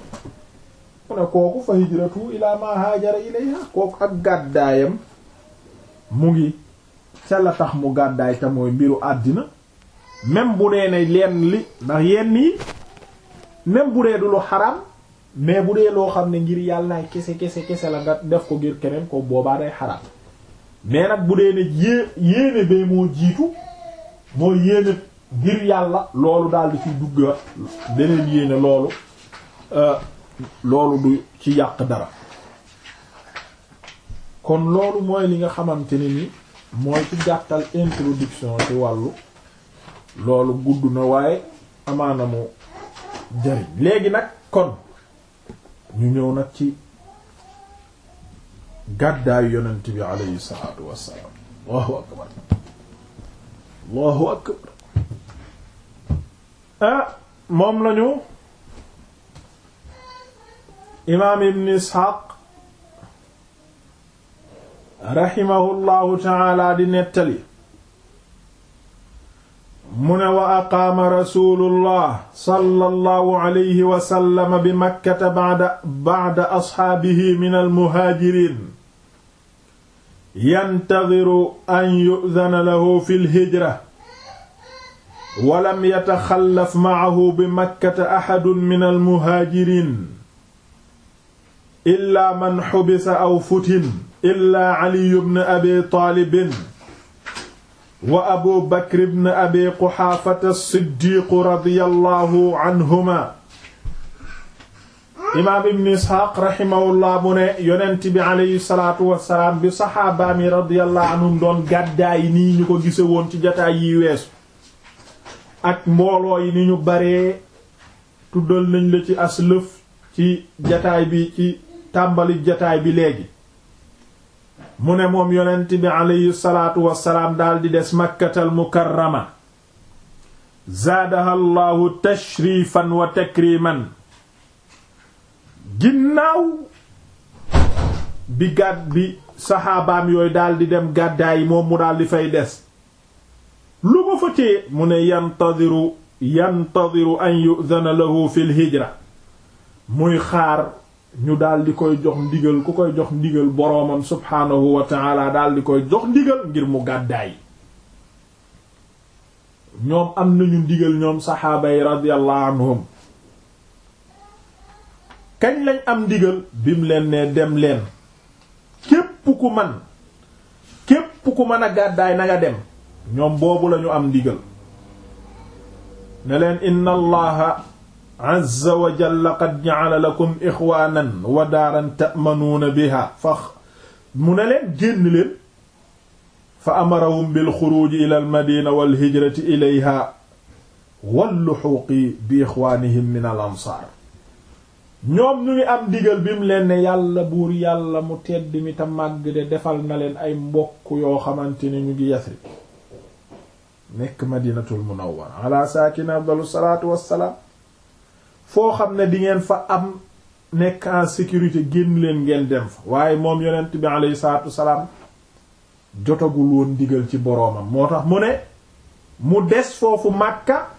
mu ne kooku fa hijratu ila ma haajara ilayha kooku ak gàddaayam mu ngi ca la tax mu gàddaay te mooy mbiru àddina même bu dee ne leen li ndax yenn yi même bu dee du lu xaram mais bu dee loo xam ne ngir yàllaay kese kese kese la nga def ko ngir keneen ko boobaa day xaram mais nag bu dee ne yée yéene bee moo jiitu mooy yéene ngir yàlla loolu daal di ciy dugga beneen yéene loolu euh, loolu du ci yàq dara kon loolu mooy li nga xamante ne ni mooy ci gàttal introduction ci wàllu loolu gudd na waaye amaana mu jariñ léegi nag kon ñu ñëw nag ci gàddaayu yonent bi alayhi salaatu wassalaam allahu akbar allahu akbar ah moom lañu imaam ibn isxaaq raximahullahu taala di nettali mu ne wa aqaama rasulullah sallallahu alayhi wa sallam bi makkata ba'da ba'da asxaabihi min almuhaajiriin yantadiru an yu'dana lahu fi lhijra wa lam yataxallaf ma'ahu bi makkata axadun min almuhaajiriin illaa man xubisa aw futin illaa caliyu bn abi taalibin wa abu bakr bn abi quxaafata siddiiqu radiyallahu anhuma imaam ibn isxaaq raximahullah mu ne yonent bi aleyhi salaatu wasalaam bi saxaabaam yi radiyallahu anhum doon gàddaay nii ñu ko gise woon ci jataay yi weesu ak mbooloo yi ni ñu baree tuddal nañ la ci aslëf ci jataay bi ci tàmbali jataay bi léegi mu ne moom yonent bi aleyhi salaatu wassalaam daldi des makkatal mukarrama zaadaha llaahu tashrifan wa takriman ginnaaw bi gàdd bi saxaabaam yooyu daldi dem gàddaayi moom mu daldi fay des lu ko fa mu ne yantadiru yantadiru an yu'dana lahu fil hijra muy xaar ñu daal di koy jox ndigal ku koy jox ndigal boroomam subhaanahu wa taala daal di koy jox ndigal ngir mu gàddaay ñoom am nañu ndigal ñoom saxaaba yi radiyallahu anhum kañ lañ am ndigal bim leen ne dem leen képp ku man képp ku mën a gàddaay na dem ñoom boobu lañu am ndigal ne leen inna azza wa jalla qad ja'ala lakum ixwaanan wa daaran ta'manuuna biha fa mu ne leen génn leen fa amarahum bil xuruuji ila al madina wal hijrati ilayha wal luxuuqi bi ixwaanihim min al ansaar ñoom ñu ngi am digal bi mu leen ne yàlla buur yàlla mu tedd mi te màgg de defal na leen ay mbokk yoo xamante ne ñu ngi Yasrib nekk madinatul munawwara ala saakina afdalu salaatu wassalaam foo xam ne di ngeen fa am nekk en sécurité génn leen ngeen dem fa waaye moom yonent bi aleyhi salaatu salaam jotagul woon digal ci boroomam moo tax mu ne mu des foofu Makka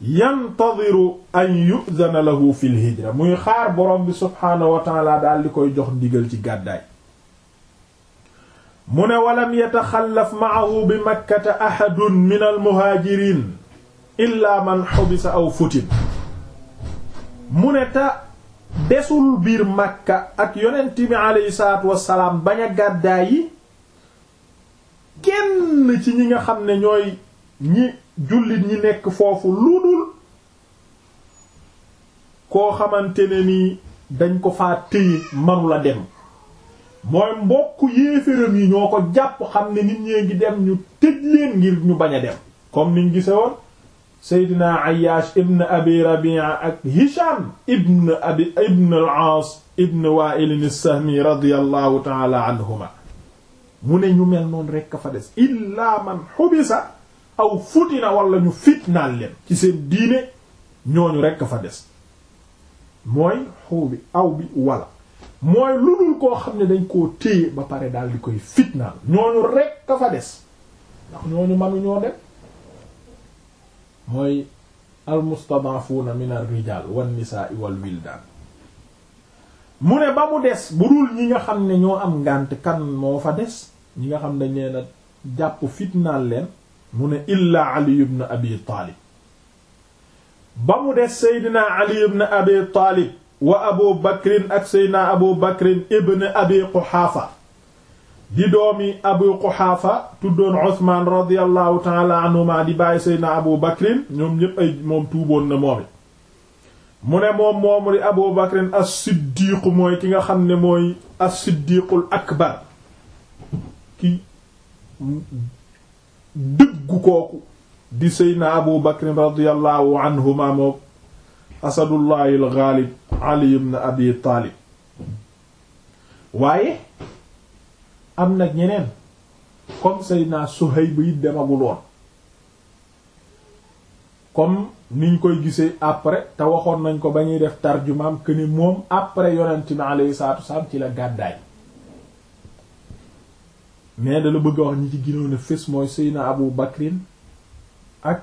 yantadiru an yu'zana lahu fil hijra muy xaar borom bi subhaanahu wa daal di koy jox digal ci gàddaay mu ne walam yataxallaf ma'ahu bi makkata ahadun min al muhaajiriin illaa man xubisa aw futin mu ne ta desul biir Makka ak yonent bi aleyhi salaatu wassalaam bañ a gàddaay yi kenn ci ñi nga xam ne ñooy ñi jullit ñi nekk foofu lu dul koo xamante ne ni dañ ko faa téye manula dem mooy mbokk yéeféram yi ñoo ko jàpp xam ne nit ñee ngi dem ñu tëj leen ngir ñu bañ a dem comme niñ gise seydina Ayyash ibn abi Rabi'a ak Hisham ibn abi ibn al-Aas ibn Wa'il as-Sahmi radiyallahu ta'ala anhuma mu ne ñu mel noonu rekk a fa des illaa man xubisa aw futina wala ñu fitnaal leen ci seen diine ñooñu rekk a fa des mooy xuubi aw bi wala mooy lu dul koo xam ne dañ koo téye ba pare daal di koy fitnaal ñooñu rekk a fa des ndax ñooñu manu ñoo dem mooy almustadaafuna min ar-rijaal wan-nisaa wal-wildaan mu ne ba mu des bu dul ñi nga xam ne ñoo am ngànt kan moo fa des ñi nga xam dañ leen jàpp fitnaal leen mu ne illaa Ali ibn Abi Taalib ba mu des Seydina Ali ibn Abi Taalib wa Abu Bakrin ak Seydina Abu Bakrin ibn Abi Quhaafa di doomi abu quxaafa tuddoon usmaan radiallahu taala anhuma di bàyyi seydna abu bakrin ñoom ñépp ay moom tuuboon na moom mu ne moom moomu di abu bakrin as mooy ki nga xam ne mooy as-siddiiqul akbar ki dëggu kooku di seydna abu bakrin radiallahu anhuma moom asadullahi al ali ibn abi taalib waaye am nag ñeneen comme Seydina Suhayb yi demagul comme niñ koy gisee après te waxoon nañ ko ba ñuy def tarjumaam que moom après yonent bi alayhi salaatu wasalaam ci la gàddaay mais dala bëgg a wax ñi ci ginoon a fés mooy Seydina Abu Bakrin ak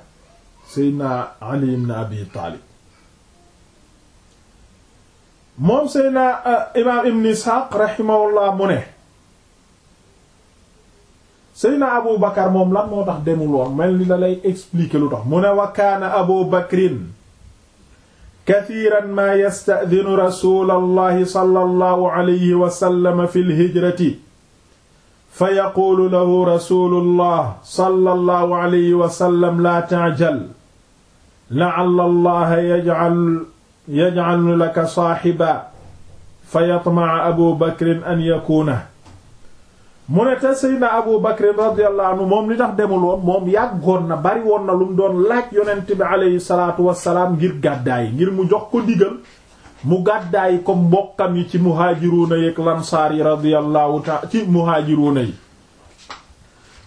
Seydina Ali ibn Abi Taalib moom Seydina euh, imaam Ibn Isxaaq rahimahullah mu ne Seydina Abu Bakar moom lan moo tax demul woon mel ni la lay expliquer lu tax mu ne wa kaana Abu Bakrin kathiran maa yasta'dinu rasulallahi sallallahu alayhi wa sallam fi lhijrati fa yaquulu lahu rasulullah sallallahu alayhi wa sallam laa ta'jal la'alla allaha yaj'al yaj'al laka saahiban fa yatma'a Abu Bakrin an yakuuna mu ne te Seydina Abu radiyallahu moom li tax demul moom yàggoon na bari woon na lu mu doon laaj yonent bi aleyhi salaatu wassalaam ngir gàddaay ngir mu jox ko digal mu gàddaay ko mbokkam yi ci muhaajiruuna yi ak lansaar yi radiyallahu ta'ala ci muhaajiruuna yi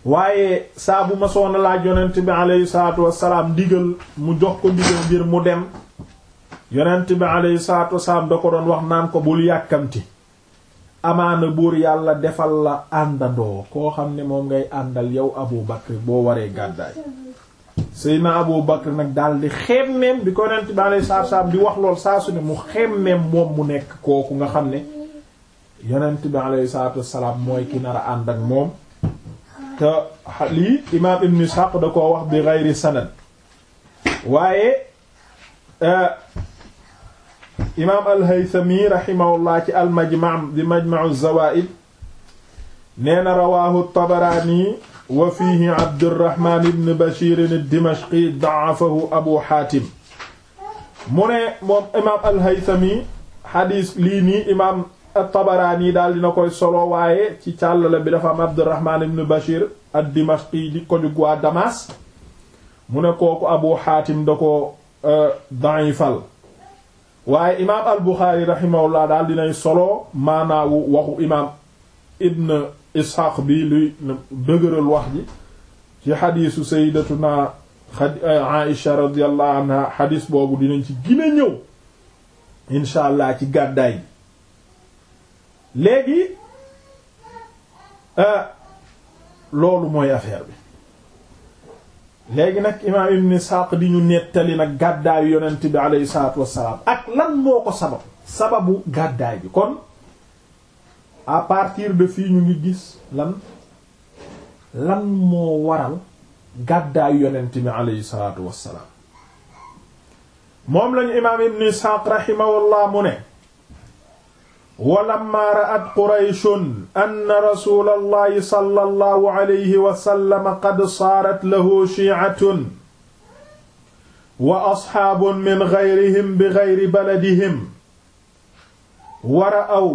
waaye saa bu ma soona laaj yonent bi aleyhi salaatu wassalaam digal mu jox ko digal ngir mu dem yonent bi aleyhi salaatu wassalaam da ko doon wax naan ko bul yàkkamti amaana buur yàlla defal la àndandoo koo xam ne moom ngay àndal yow Abu Bakr boo waree gàddaay Seydina Abu Bakr nag daal di xemmeem bi ko nent bi alei saatu di wax lool saa su ne mu xemmeem moom mu nekk kooku nga xam ne yonent bi aleyhi salatu wasalam mooy ki nar a ànd ak moom te lii imaam ibn Ishaq da koo wax bi ghayri sanad waaye euh, imaam al-Haythami rahimahullah ci al-Majma' di Majma'u Zawaa'id nee rawaahu tabaraani wa fiihi Abdurrahmaan ibn Bashiir ad-Dimashqi da'afahu Abu Haatim mu ne moom imaam al-Haythami xadiis lii imaam tabaraani daal dina koy solo waaye ci càllala bi dafa am Abdurrahmaan ibn Bashiir di ko jug waa Damas mu ne kooku Abu Haatim da ko euh, da'ifal waaye imaam al-Bukhari rahimahullah daal dinay solo maanaawu waxu imaam ibn Ishaq bi luy dëgëral wax ji ci xadiisu sayyidatuna Aisha eh, radiyallahu anha xadiis boobu dinañ ci gën ñëw incha allah ci gàddaay gi léegi eh, loolu mooy affaire bi léegi nag imaam ibn Isxaaq di ñu nettali nag gàddaay yonent bi alayhi salaatu wassalaam ak lan moo ko sabab sababu gàddaay bi kon à partir de fii ñu ngi gis lan lan moo waral gàddaayu yonent bi alayhi salaatu wassalaam moom lañu imaam ibn Isxaaq rahimahullah mu ne walammaa ra'at qurayshun anna rasuulallahi sallallahu alayhi wa sallam qad saarat lahu shi'atun wa asxaabun min gayrihim bi gayri baladihim wa ra'aw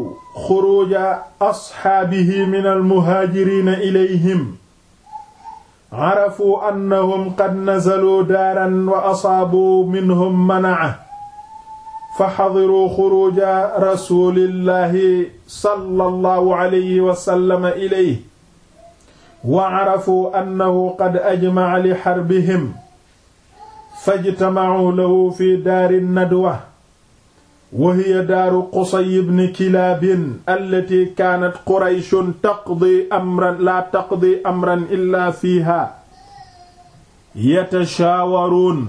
xuruuja asxaabihi min almuhaajiriina ilayhim arafuu annahum qad nazaluu daaran wa asaabuu minhum mana'a fa xadiru xuruja rasulillahi sallallahu alayhi wa sallam ilayhi wa carafu annahu qad ajmaca li xarbihim fajtamacuu lahu fi daari nadwa wa hiya daaru qusay ibn kilaabin allati kaanat qurayshun taqdi amran laa taqdi amran illaa fiihaa yatashaawaruun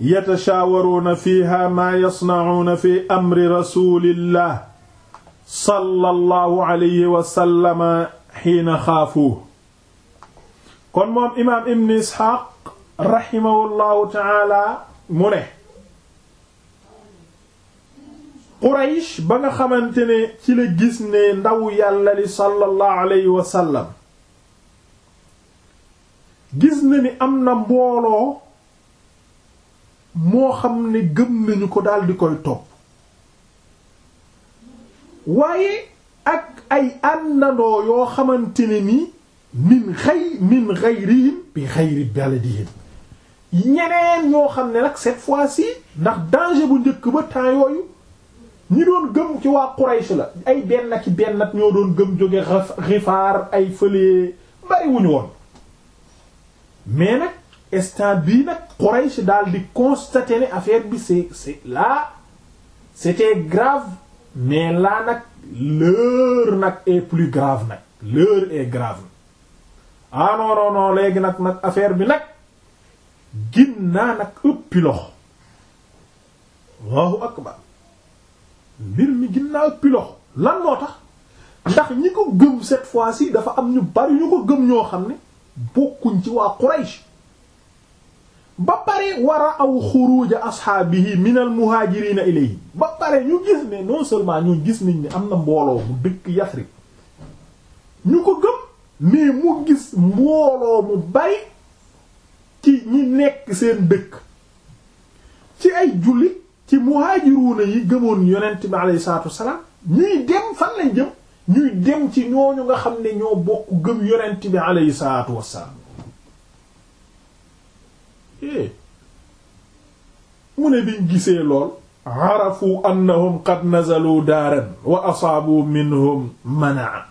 yatashaawaruuna fiiha maa yasnacuuna fi amri rasulillah sallallahu alayhi wa sallama xiina xaafu kon moom imaam ibn isxaaq raximahullahu taala mu ne quraysh ba nga xamante ne ci la gis ne ndaw yàlla li sallallahu alayhi wa sallam gis na ni am na mbooloo moo xam ne gëm nañu ko daal di koy topp waaye ak ay àndandoo yoo xamante ne ni min xay min xayrihim bi xayri baladihim ñeneen ñoo xam ne nag cette fois si ndax danger bu njëkk ba temps yooyu ñi doon gëm ci waa Quraysh la ay benn ki bennat ñoo doon gëm jóge Gifaar ay fële bari woon mais nag instant bii nag Quraysh daal di constater ne affaire bi c'est c'est là c'était grave mais là nag l'heure nag est plus grave nag l'heure est grave ah non non non léegi nag nag affaire bi nag ginnaa nag ëppi loxo Allahu akbar mbir mi ginnaa ëppi loxo lan moo tax ndax ñi ko gëm cette fois yi dafa am ñu bari ñu ko gëm ñoo xam ne bokkuñ ci waa Quraysh ba pare war a aw xuruja asxaabihi min al muhaajirina ilayhi ba pare ñu gis ne non seulement ñu gis nañ ne am na mbooloo mu dëkk Yasrib ñu ko gëm mais mu gis mbooloo mu bari ci ñi nekk seen dëkk ci ay jullit ci muhaajiruuna yi gëmoon yonent bi alayhi salaatu wassalaam ñuy dem fan lañ jëm ñuy dem ci ñooñu nga xam ne ñoo bokk gëm yonent bi alayhi salaatu wassalaam eh mu ne biñ gisee lool arafu annahum qad nazalu daaran wa asaabu minhum manaa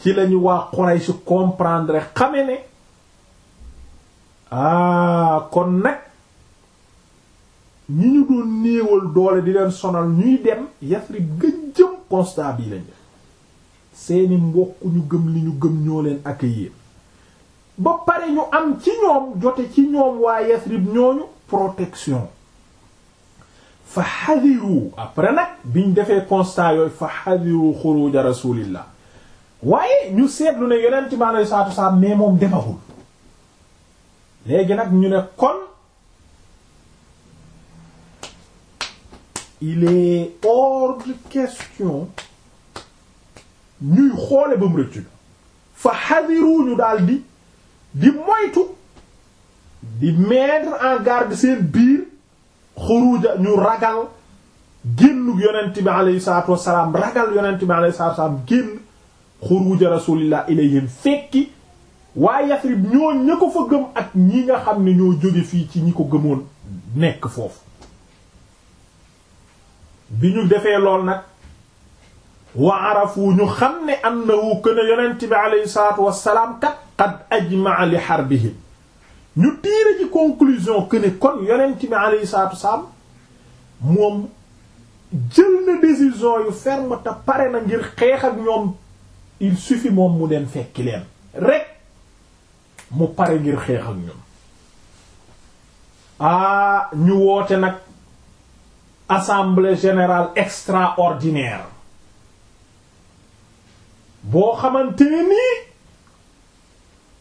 ci lañu waa Quraysh comprendre xame ne ah kon nag ñi ñu doon néewal doole di leen sonal ñuy dem Yasrib ga jëm constat bii lañu seeni mbokk ñu gëm li ñu gëm ñoo leen accueillir ba pare ñu am ci ñoom jote ci ñoom waa Yasrib ñooñu protection fa xadiru après nag biñ defee constat yooyu fa xadiru xuruja rasulillah waaye ñu seetlu na yonent mi aleyhi salaatu wa salaam mais moom demawul léegi nag ñu ne kol il est hors question ñuy xoole ba mu rëccu fa xadiru ñu daldi di moytu di mettre en garde seen biir xuruja ñu ragal génnug yonent bi alayhi salaatu wassalaam ragal yonent bi alayhi salaatu wassalaam génn xuruja rasulillah ilayhim fekki waa Yasrib ñoo ña ko fa gëm ak ñi nga xam ne ñoo jóge fii ci ñi ko gëmoon nekk foofu bi ñu defee lool nag wa arafu ñu xam ne annahu kana yonent bi alayhi salaatu wassalaam kat qad ajmaa li harbihim ñu tiire ci conclusion que kon yonent bi salaatu wassalaam moom jël na décision yu ferme te pare na ngir xeex ñoom il suffit moom mu dem fekki leen rek mu pare ngir xeex ñoom ah ñu woote nag assemblée générale extraordinaire boo xamante ne nii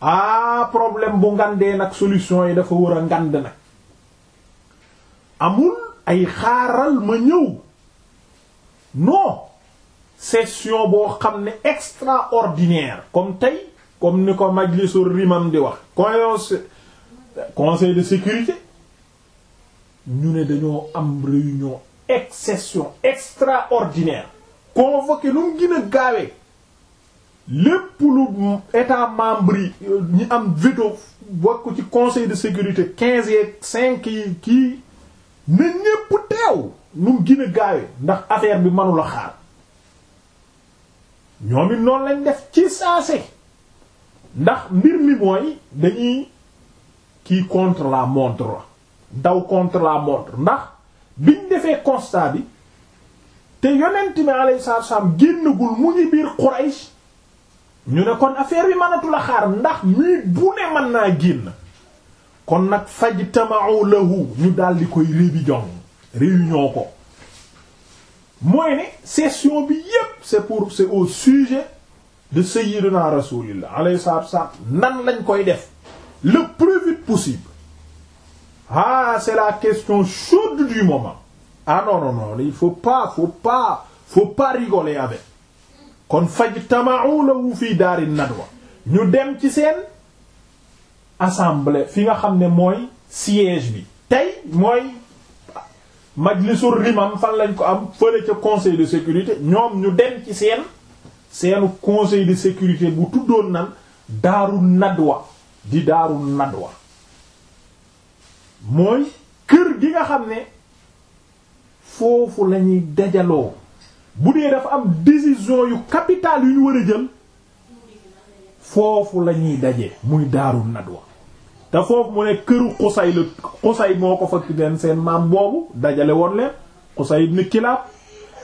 ah problème bu ngandee nag solution yi dafa war a ngande nag amul ay xaaral ma ñëw no session boo xam ne extraordinaire comme tey comme ni ko majlisu rimam di wax conseil conseil de sécurité ñu ne dañoo am réunion exception extraordinaire convoqué nu mu gën gaawee lépp lu état membre yi ñi am veto bokk ci conseil de sécurité quinze cinq yi kii na ñépp teew nu mu gën a ndax affaire bi manula xaar ñoom it noonu lañ def ci saase ndax mbir mi mooy dañuy kii contre la montre daw contre la montre ndax biñ defee constat bi te yonent mi alayhi salaatu wa salaam génnagul mu ngi biir Quraysh ñu ne kon affaire bi mënatu la xaar ndax mii bu ne mën naa génn kon nag fajtama'u lahu ñu daal di koy révision réunion ko mooy ne session bi yépp c'est pour c'est au sujet de sayyidina rasulillah alayhi salatu wassalam nan lañ koy def le plus vite possible ah c'est la question chaude du moment ah non non il faut pas faut pas faut pas rigoler avec kon faj fajtama'u fi fii daarin nadwa ñu dem ci seen assemblée fi nga xam ne mooy siège bi tey mooy majlisul rimam fan lañ ko am fële ca conseil de sécurité ñoom ñu dem ci seen seenu conseil de sécurité bu tuddoon nan daaru wa di daaru wa mooy kër gi nga xam ne foofu lañuy dajaloo bu dee dafa am décision yu capital yu ñu war a jël foofu la ñuy daje muy daarul nadwa te foofu mu ne kër Qusay la Qusay moo ko fakki leen seen maam boobu dajale woon leen Qusay ibn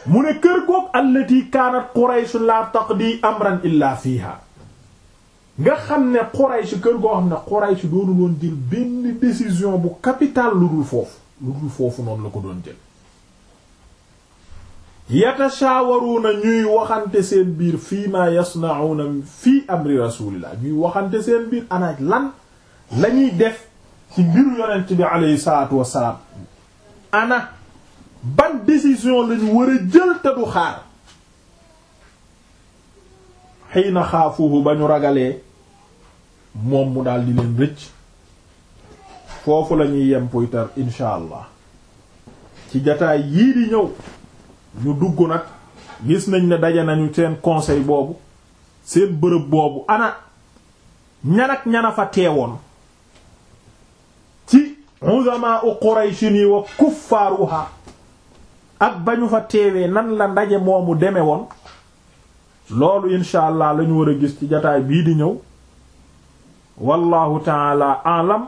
mu ne kër goog allati kaanat Quraysh la di amran illa fiha nga xam ne Quraysh kër goo xam ne Quraysh doonu loon jël benn décision bu capital lu dul foofu lu dul foofu noonu la ko doon jël na ñuy waxante seen biir fii ma na fii amri rasulillah ñuy waxante seen biir anaaj lan lañuy def ci mbiru yonent bi alayhi salaatu wassalaam ana ban décision lañu war a jël te du xaar xiina xaafuhu ba ñu ragalee moom mu daldi di leen rëcc foofu la ñuy yem puy tar allah ci jataay yii di ñëw ñu dugg nag gis nañ ne daje nañu seen conseil boobu seen bërëb boobu ana ñan ñana fa teewoon ci uzamaa u Qurayshi nii wa kuffaaruha ak ba ñu fa teewee nan la ndaje moomu deme woon loolu incha lañu la war a gis ci jataay bii di ñëw wallahu taala alam